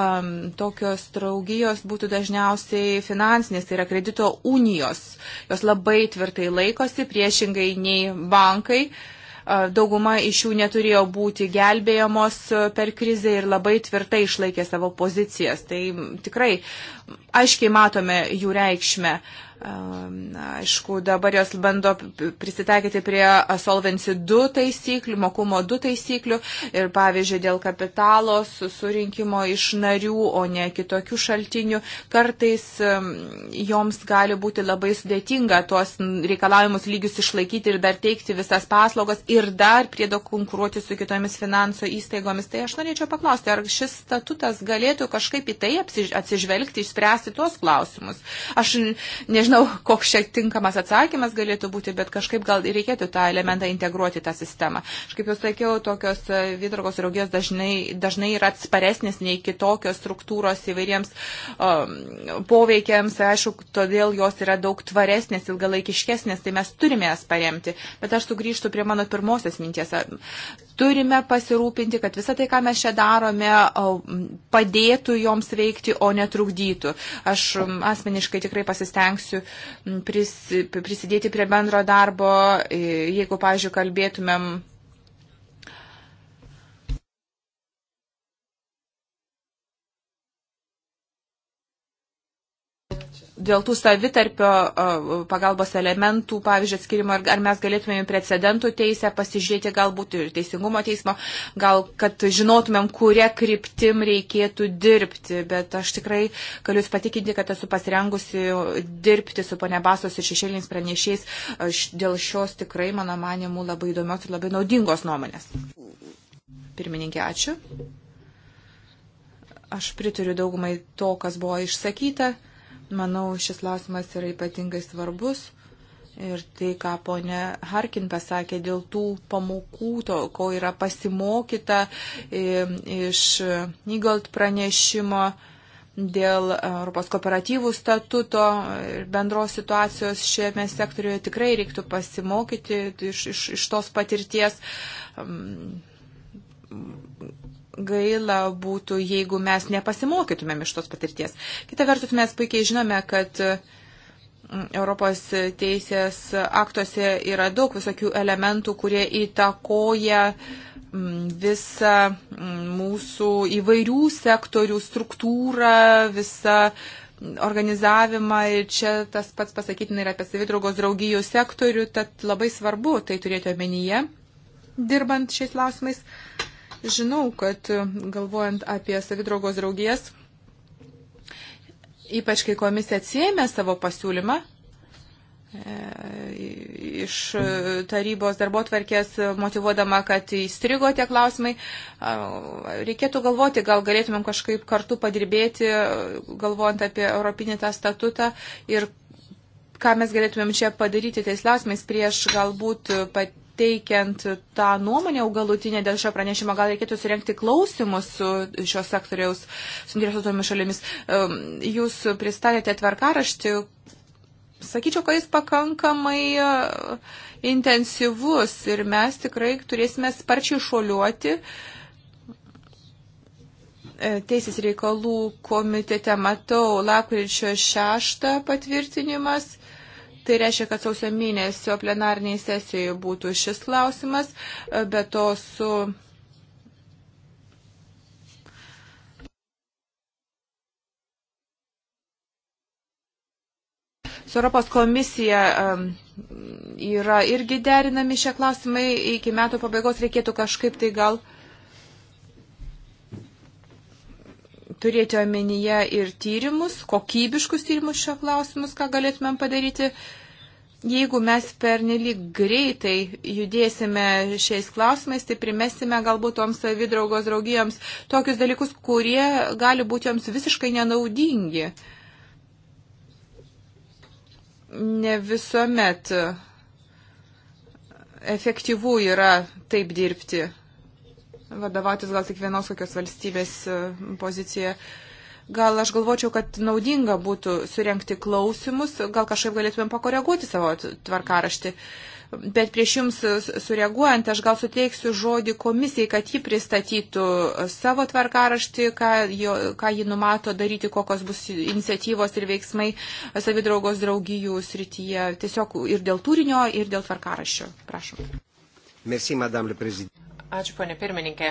Um, tokios draugijos būtų dažniausiai finansinės, tai yra kredito unijos. Jos labai tvirtai laikosi, priešingai nei bankai. Uh, Dauguma iš jų neturėjo būti gelbėjamos per krizę ir labai tvirtai išlaikė savo pozicijas. Tai tikrai aiškiai matome jų reikšmę. Uh, Aišku, dabar jos bando prisitaikyti prie Solvency 2 taisyklių, mokumo 2 taisyklių ir pavyzdžiui dėl kapitalo surinkimo iš narių, o ne kitokių šaltinių. Kartais joms gali būti labai sudėtinga tuos reikalavimus lygius išlaikyti ir dar teikti visas paslaugas ir dar priedo konkuruoti su kitomis finansų įstaigomis. Tai aš norėčiau paklausti, ar šis statutas galėtų kažkaip į tai atsižvelgti, išspręsti tuos klausimus. Aš nežinau, nežinau, koks čia tinkamas atsakymas galėtų būti, bet kažkaip gal reikėtų tą elementą integruoti į tą sistemą. Aš kaip jau sakiau, tokios e, vidurgos raugijos dažnai, dažnai yra atsparesnis nei kitokios struktūros įvairiems um, poveikiams. Aišku, todėl jos yra daug tvaresnės, ilgalaikiškesnės, tai mes turime jas paremti. Bet aš sugrįžtu prie mano pirmosios minties turime pasirūpinti, kad visą tai, ką mes čia darome, padėtų joms veikti, o netrukdytų. Aš asmeniškai tikrai pasistengsiu prisidėti prie bendro darbo, jeigu, pavyzdžiui, kalbėtumėm dėl tų savitarpio pagalbos elementų, pavyzdžiui, atskirimo, ar, ar mes galėtumėm precedentų teisę pasižiūrėti galbūt ir teisingumo teismo, gal kad žinotumėm, kuria kryptim reikėtų dirbti, bet aš tikrai galiu Jūs patikinti, kad esu pasirengusi dirbti su ponia Basos ir šešėliniais pranešiais aš, dėl šios tikrai, mano manimų, labai įdomios ir labai naudingos nuomonės. Pirmininkė, ačiū. Aš prituriu daugumai to, kas buvo išsakyta. Manau, šis klausimas yra ypatingai svarbus. Ir tai, ką ponė Harkin pasakė dėl tų pamokų, to, ko yra pasimokyta e, iš Nygalt pranešimo dėl Europos kooperatyvų statuto ir bendros situacijos šiame sektoriuje tikrai reiktų pasimokyti iš, iš, iš tos patirties gaila būtų, jeigu mes nepasimokytumėm iš tos patirties. Kita vertus, mes puikiai žinome, kad e, Europos teisės aktuose yra daug visokių elementų, kurie įtakoja visą mūsų įvairių sektorių struktūrą, visą organizavimą ir čia tas pats pasakytina yra apie savidraugos draugijų sektorių, tad labai svarbu tai turėti omenyje, dirbant šiais klausimais. Uh, Žinau, kad e, galvojant apie savidraugos draugijas, ypač kai komisija atsiemė savo pasiūlymą, e, iš tarybos darbo tvarkės motivuodama, kad įstrigo tie klausimai. Reikėtų galvoti, gal galėtumėm kažkaip kartu padirbėti, galvojant apie Europinį tą statutą ir ką mes galėtumėm čia padaryti tais klausimais prieš galbūt pat teikiant tą nuomonę galutinę dėl šio pranešimo, gal reikėtų surenkti klausimus su šios sektoriaus suinteresuotomis šalimis. Jūs pristatėte tvarkaraštį, sakyčiau, kad jis pakankamai e, intensyvus ir mes tikrai turėsime sparčiai šoliuoti. E, Teisės reikalų komitete matau lapkričio 6 patvirtinimas Tai reiškia, kad sausio mėnesio plenarniai sesijoje būtų šis klausimas, bet to su. Su Europos komisija yra irgi derinami šie klausimai, iki metų pabaigos reikėtų kažkaip tai gal turėti omenyje ir tyrimus, kokybiškus tyrimus šio klausimus, ką galėtumėm padaryti. Jeigu mes pernelyg greitai judėsime šiais klausimais, tai primesime galbūt toms savidraugos draugijoms tokius dalykus, kurie gali būti joms visiškai nenaudingi. Ne visuomet efektyvų yra taip dirbti vadovautis gal tik vienos kokios valstybės e, pozicija. Gal aš galvočiau, kad naudinga būtų surenkti klausimus, gal kažkaip galėtumėm pakoreguoti savo tvarkaraštį. Bet prieš jums sureaguojant, aš gal suteiksiu žodį komisijai, kad ji pristatytų savo tvarkaraštį, ką, jo, ką ji numato daryti, kokios bus iniciatyvos ir veiksmai savidraugos draugijų srityje. Tiesiog ir dėl turinio, ir dėl tvarkaraščio. Prašom. Merci, madame le président. Ačiū, ponė pirmininkė.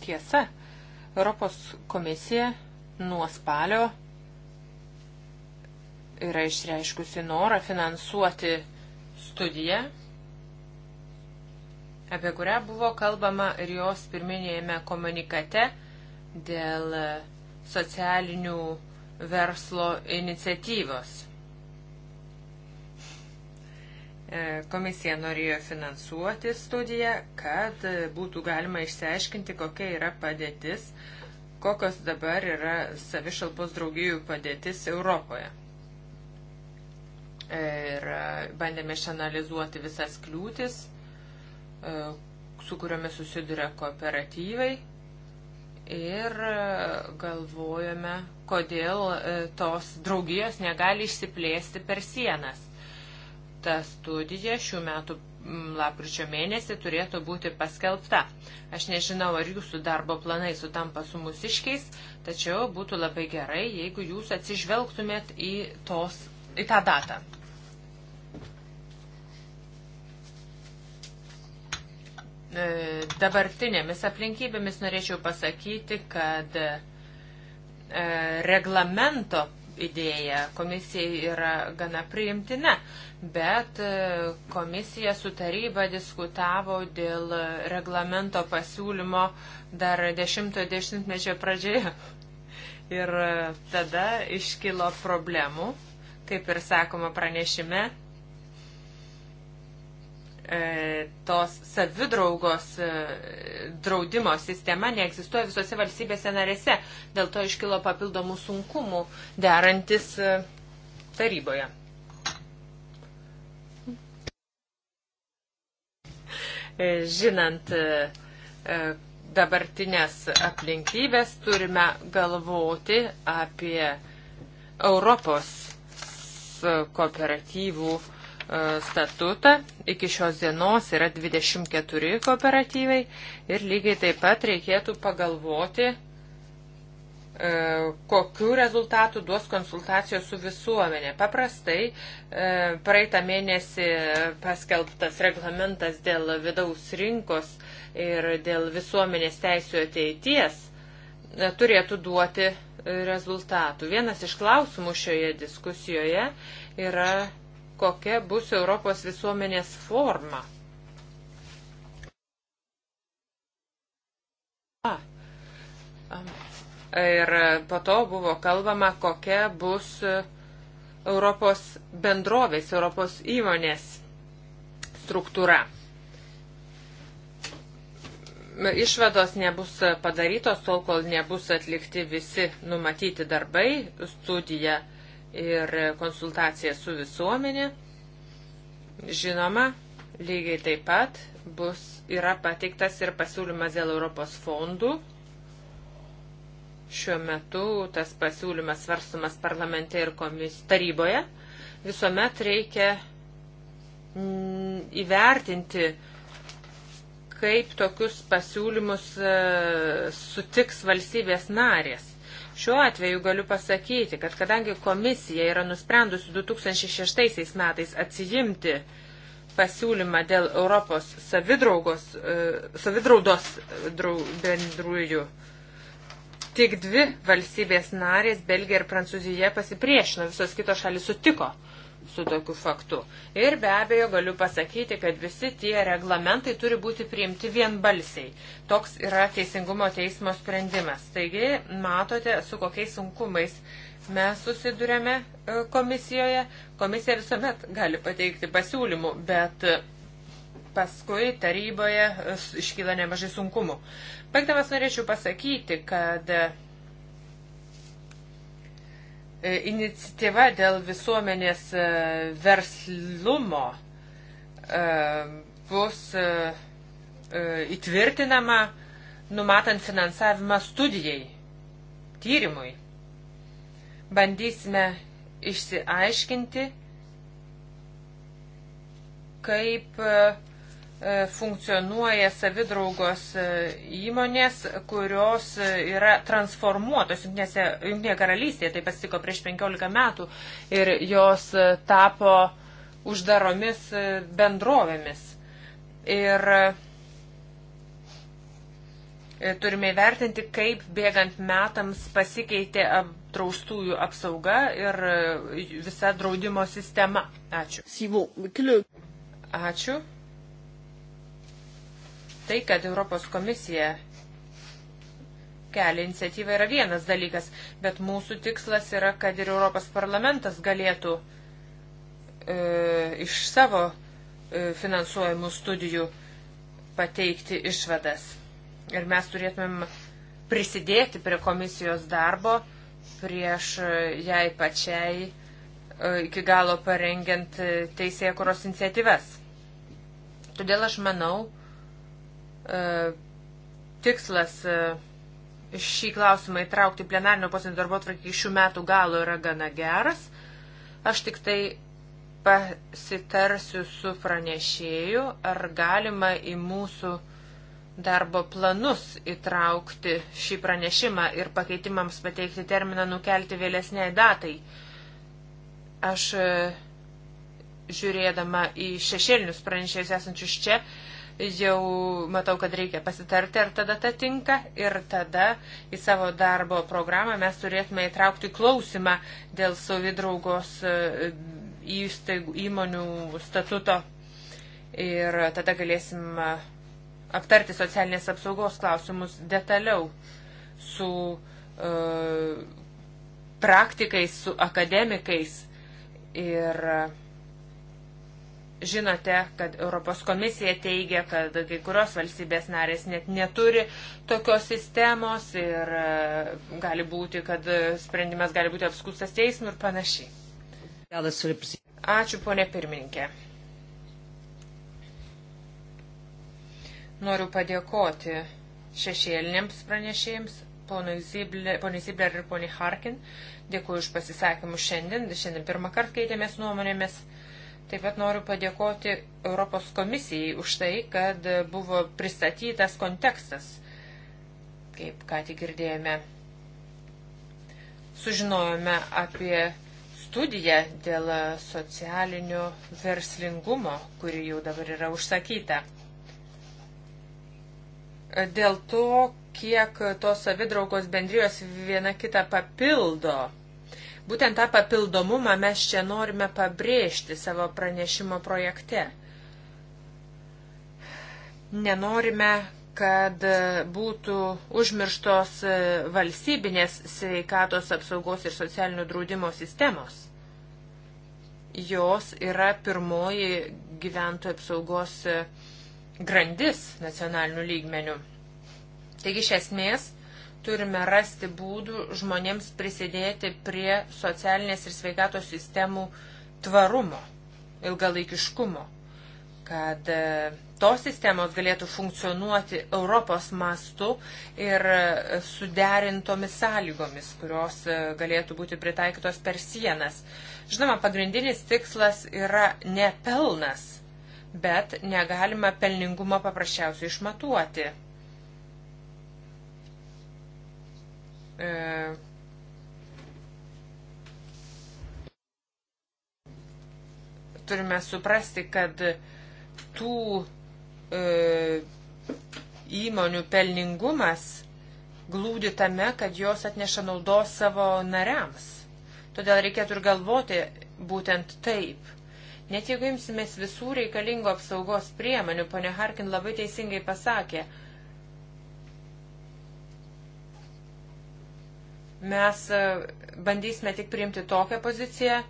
Tiesa, Europos komisija nuo spalio yra išreiškusi norą finansuoti studiją, apie kurią buvo kalbama ir jos pirminėjame komunikate dėl socialinių verslo iniciatyvos. E, komisija norėjo finansuoti studiją, kad e, būtų galima išsiaiškinti, kokia yra padėtis, kokios dabar yra savišalpos draugijų padėtis Europoje. E, ir bandėme išanalizuoti visas kliūtis, su kuriomis susiduria kooperatyvai ir galvojame, kodėl tos draugijos negali išsiplėsti per sienas ta studija šių metų mm, lapkričio mėnesį turėtų būti paskelbta. Aš nežinau, ar jūsų darbo planai sutampa su mūsiškiais, tačiau būtų labai gerai, jeigu jūs atsižvelgtumėt į, tos, į tą datą. E, dabartinėmis aplinkybėmis norėčiau pasakyti, kad e, reglamento idėja komisijai yra gana priimtina, bet e, komisija su taryba diskutavo dėl reglamento pasiūlymo dar 10-mečio pradžioje. Ir e, tada iškilo problemų, kaip ir sakoma pranešime, E, tos savidraugos e, draudimo sistema neegzistuoja visose valstybėse narėse. Dėl to iškilo papildomų sunkumų derantis e, taryboje. Žinant dabartinės aplinkybės, turime galvoti apie Europos kooperatyvų uh, E, statutą. Iki šios dienos yra 24 kooperatyvai ir lygiai taip pat reikėtų pagalvoti, e, kokiu rezultatu duos konsultacijos su visuomenė. Paprastai e, praeitą mėnesį paskelbtas reglamentas dėl vidaus rinkos ir dėl visuomenės teisų ateities turėtų duoti rezultatų. Vienas iš klausimų šioje diskusijoje yra kokia bus Europos visuomenės forma. Ir po to buvo kalbama, kokia bus Europos bendrovės, Europos įmonės struktūra. Išvados nebus padarytos tol, kol nebus atlikti visi numatyti darbai, studija ir konsultacija su visuomenė. Žinoma, lygiai taip pat bus, yra pateiktas ir pasiūlymas dėl Europos fondų. Šiuo metu tas pasiūlymas svarstumas parlamente ir komis taryboje. Visuomet reikia mm, įvertinti, kaip tokius pasiūlymus e, sutiks valstybės narės Šiuo atveju galiu pasakyti, kad kadangi komisija yra nusprendusi 2006 metais atsijimti pasiūlymą dėl Europos savidraugos, e, savidraudos e, bendrųjų, tik dvi valstybės narės, Belgija ir Prancūzija, pasipriešino, visos kitos šalis sutiko su tokiu faktu. Ir be abejo galiu pasakyti, kad visi tie reglamentai turi būti priimti vienbalsiai. Toks yra Teisingumo teismo sprendimas. Taigi, matote, su kokiais sunkumais mes susidurėme e, komisijoje. Komisija visuomet gali pateikti pasiūlymų, bet e, paskui taryboje e, iškyla nemažai sunkumų. Baigdamas norėčiau pasakyti, kad E, iniciatyva dėl visuomenės e, verslumo e, bus įtvirtinama, numatant finansavimą studijai, tyrimui. Bandysime išsiaiškinti, kaip uh, E, funkcionuoja savidraugos e, įmonės, kurios e, yra transformuotos Junktinėje karalystėje, tai pasitiko prieš 15 metų ir jos tapo uždaromis bendrovėmis. Ir turime įvertinti, kaip bėgant metams pasikeitė draustųjų apsauga ir visa draudimo sistema. Ačiū. Ačiū. Tai, kad Europos komisija kelia iniciatyvą yra vienas dalykas, bet mūsų tikslas yra, kad ir Europos parlamentas galėtų e, iš savo e, finansuojamų studijų pateikti išvadas. Ir mes turėtumėm prisidėti prie komisijos darbo prieš e, jai pačiai e, iki galo parengiant e, teisėkuros iniciatyvas. Todėl aš manau, E, tikslas e, šį klausimą įtraukti plenarinio posėdžio darbo tvarkį šių metų galo yra gana geras. Aš tik tai pasitarsiu su pranešėju, ar galima į mūsų darbo planus įtraukti šį pranešimą ir pakeitimams pateikti terminą nukelti vėlesniai datai. Aš e, žiūrėdama į šešėlinius pranešėjus esančius čia, jau matau, kad reikia pasitarti, ar tada ta tinka. Ir tada į savo darbo programą mes turėtume įtraukti klausimą dėl savidraugos e, įstaigų įmonių statuto. Ir tada galėsim e, aptarti socialinės apsaugos klausimus detaliau su uh, praktikais, su akademikais. Ir uh, Žinote, kad Europos komisija teigia, kad kai kurios valstybės narės net neturi tokios sistemos ir e, gali būti, kad sprendimas gali būti apskustas teismui ir panašiai. Ačiū, ponė pirmininkė. Noriu padėkoti šešėlinėms pranešėjams, ponui Zibler ir poniai Harkin. Dėkuoju už pasisakymus šiandien. Šiandien pirmą kartą keitėmės nuomonėmis. Taip pat noriu padėkoti Europos komisijai už tai, kad buvo pristatytas kontekstas, kaip ką tik girdėjome. Sužinojome apie studiją dėl socialinio verslingumo, kuri jau dabar yra užsakyta. Dėl to, kiek tos savidraugos bendrijos viena kitą papildo Būtent tą papildomumą mes čia norime pabrėžti savo pranešimo projekte. Nenorime, kad būtų užmirštos valstybinės sveikatos apsaugos ir socialinių draudimo sistemos. Jos yra pirmoji gyventojų apsaugos grandis nacionalinių lygmenių. Taigi iš esmės turime rasti būdų žmonėms prisidėti prie socialinės ir sveikatos sistemų tvarumo, ilgalaikiškumo, kad e, tos sistemos galėtų funkcionuoti Europos mastu ir e, suderintomis sąlygomis, kurios e, galėtų būti pritaikytos per sienas. Žinoma, pagrindinis tikslas yra ne pelnas, bet negalima pelningumo paprasčiausiai išmatuoti e, turime suprasti, kad tų e, įmonių pelningumas glūdi tame, kad jos atneša naudos savo nariams. Todėl reikėtų ir galvoti būtent taip. Net jeigu imsimės visų reikalingų apsaugos priemonių, ponė Harkin labai teisingai pasakė, Mes e, bandysime tik priimti tokią poziciją,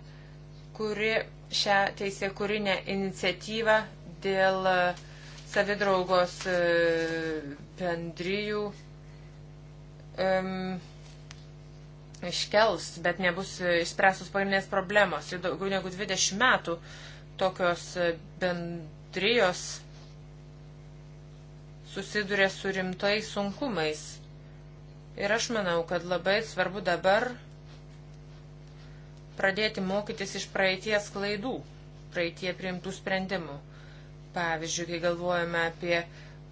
kuri šią teisė kūrinę iniciatyvą dėl e, savidraugos e, bendryjų um, iškels, bet nebus išspręstus pagrindinės problemos. Jau daugiau negu 20 metų tokios bendrijos susiduria su rimtais sunkumais. Ir aš manau, kad labai svarbu dabar pradėti mokytis iš praeities klaidų, praeitie priimtų sprendimų. Pavyzdžiui, kai galvojame apie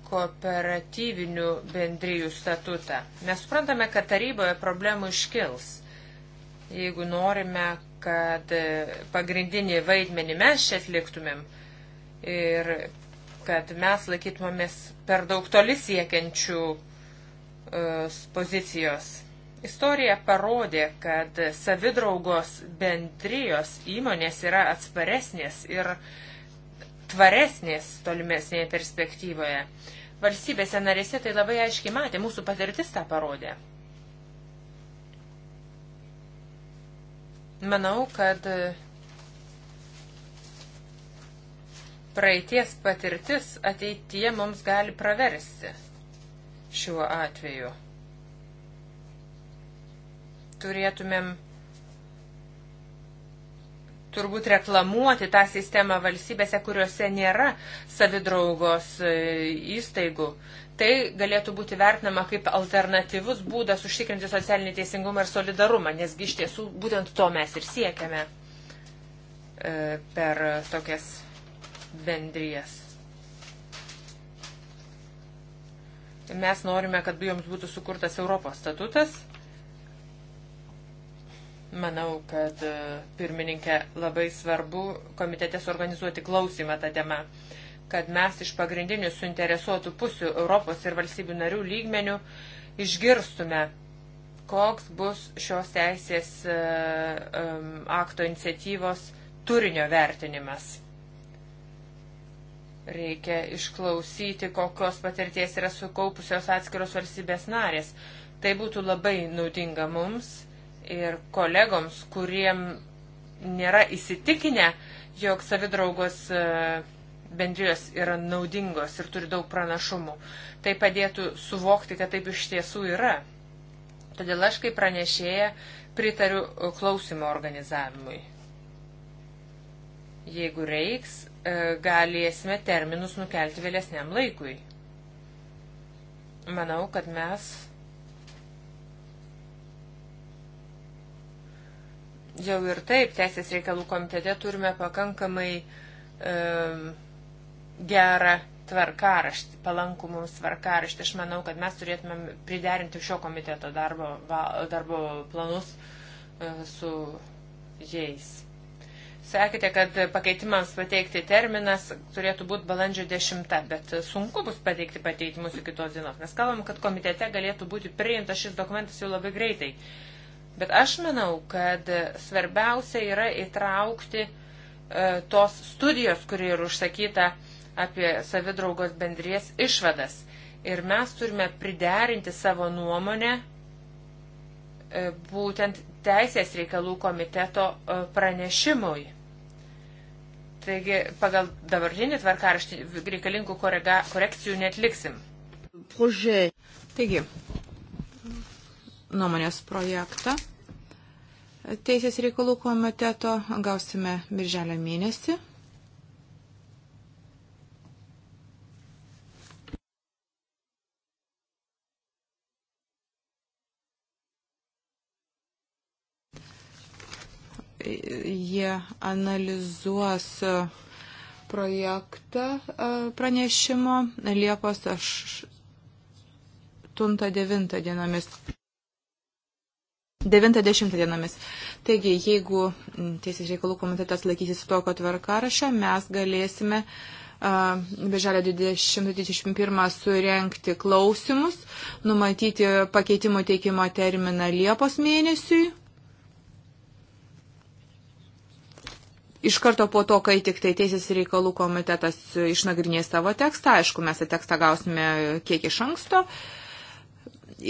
kooperatyvinių bendryjų statutą. Mes suprantame, kad taryboje problemų iškils. Jeigu norime, kad pagrindinį vaidmenį mes čia atliktumėm ir kad mes laikytumėmės per daug toli siekiančių E, pozicijos. Istorija parodė, kad savidraugos bendrijos įmonės yra atsparesnės ir tvaresnės tolimesnėje perspektyvoje. Valstybėse narėse tai labai aiškiai matė, mūsų patirtis tą parodė. Manau, kad praeities patirtis ateityje mums gali praversti šiuo atveju. Turėtumėm turbūt reklamuoti tą sistemą valstybėse, kuriuose nėra savidraugos e, įstaigų. Tai galėtų būti vertinama kaip alternatyvus būdas užtikrinti socialinį teisingumą ir solidarumą, nesgi iš tiesų būtent to mes ir siekiame e, per tokias bendrijas. Mes norime, kad dujoms būtų sukurtas Europos statutas. Manau, kad e, pirmininkė labai svarbu komitete suorganizuoti klausimą tą temą, kad mes iš pagrindinių suinteresuotų pusių Europos ir valstybių narių lygmenių išgirstume, koks bus šios teisės e, e, akto iniciatyvos turinio vertinimas Reikia išklausyti, kokios patirties yra sukaupusios atskiros valstybės narės. Tai būtų labai naudinga mums ir kolegoms, kuriem nėra įsitikinę, jog savidraugos e, bendrijos yra naudingos ir turi daug pranašumų. Tai padėtų suvokti, kad taip iš tiesų yra. Todėl aš kaip pranešėja pritariu klausimo organizavimui. Jeigu reiks, E, galėsime terminus nukelti vėlesniam laikui. Manau, kad mes jau ir taip Teisės reikalų komitete turime pakankamai e, gerą tvarkaraštį, palankų mums tvarkaraštį. Aš manau, kad mes turėtumėm priderinti šio komiteto darbo, darbo planus e, su jais. Sakėte, kad pakeitimams pateikti terminas turėtų būti balandžio 10, bet sunku bus pateikti pateikimus iki tos dienos. Mes kalbam, kad komitete galėtų būti priimtas šis dokumentas jau labai greitai. Bet aš manau, kad svarbiausia yra įtraukti e, tos studijos, kuri yra užsakyta apie savidraugos bendrės išvadas. Ir mes turime priderinti savo nuomonę e, būtent Teisės reikalų komiteto e, pranešimui Taigi pagal dabartinį tvarkaraštį reikalingų korega, korekcijų netliksim. Prožiai. Taigi, nuomonės projektą Teisės reikalų komiteto gausime birželio mėnesį. jie analizuos e, projektą e, pranešimo Liepos 8-9 dienomis. 90 dienomis. Taigi, jeigu Teisės reikalų komitetas laikysis tokio tvarkarašio, mes galėsime uh, bežalio 20-21 surenkti klausimus, numatyti pakeitimo teikimo terminą Liepos mėnesiui iš karto po to, kai tik tai Teisės reikalų komitetas išnagrinės savo tekstą, aišku, mes tą tekstą gausime kiek iš anksto.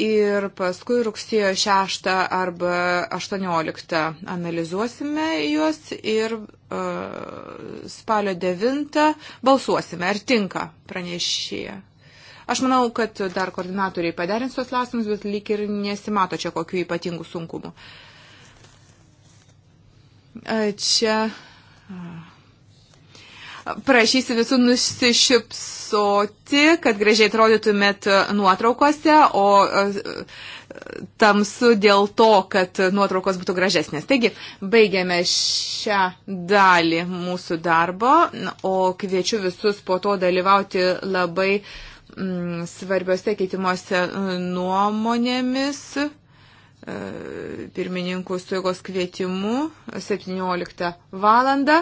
Ir paskui rugsėjo 6 arba 18 analizuosime juos ir uh, spalio 9 balsuosime, ar tinka pranešėje. Aš manau, kad dar koordinatoriai paderins tos klausimus, bet lyg ir nesimato čia kokių ypatingų sunkumų. Uh, čia Prašysiu visų nusišypsoti, kad gražiai atrodytumėt nuotraukose, o e, tamsu dėl to, kad nuotraukos būtų gražesnės. Taigi, baigiame šią dalį mūsų darbo, o kviečiu visus po to dalyvauti labai mm, svarbiose keitimuose nuomonėmis pirmininkų suėgos kvietimu 17 valandą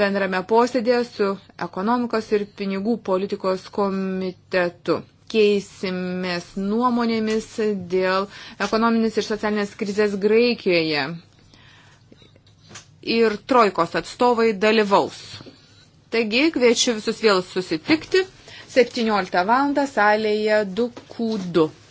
bendrame posėdėje su ekonomikos ir pinigų politikos komitetu. Keisimės nuomonėmis dėl ekonominės ir socialinės krizės Graikijoje. Ir trojkos atstovai dalyvaus. Taigi kviečiu visus vėl susitikti 17 val. salėje 2Q2.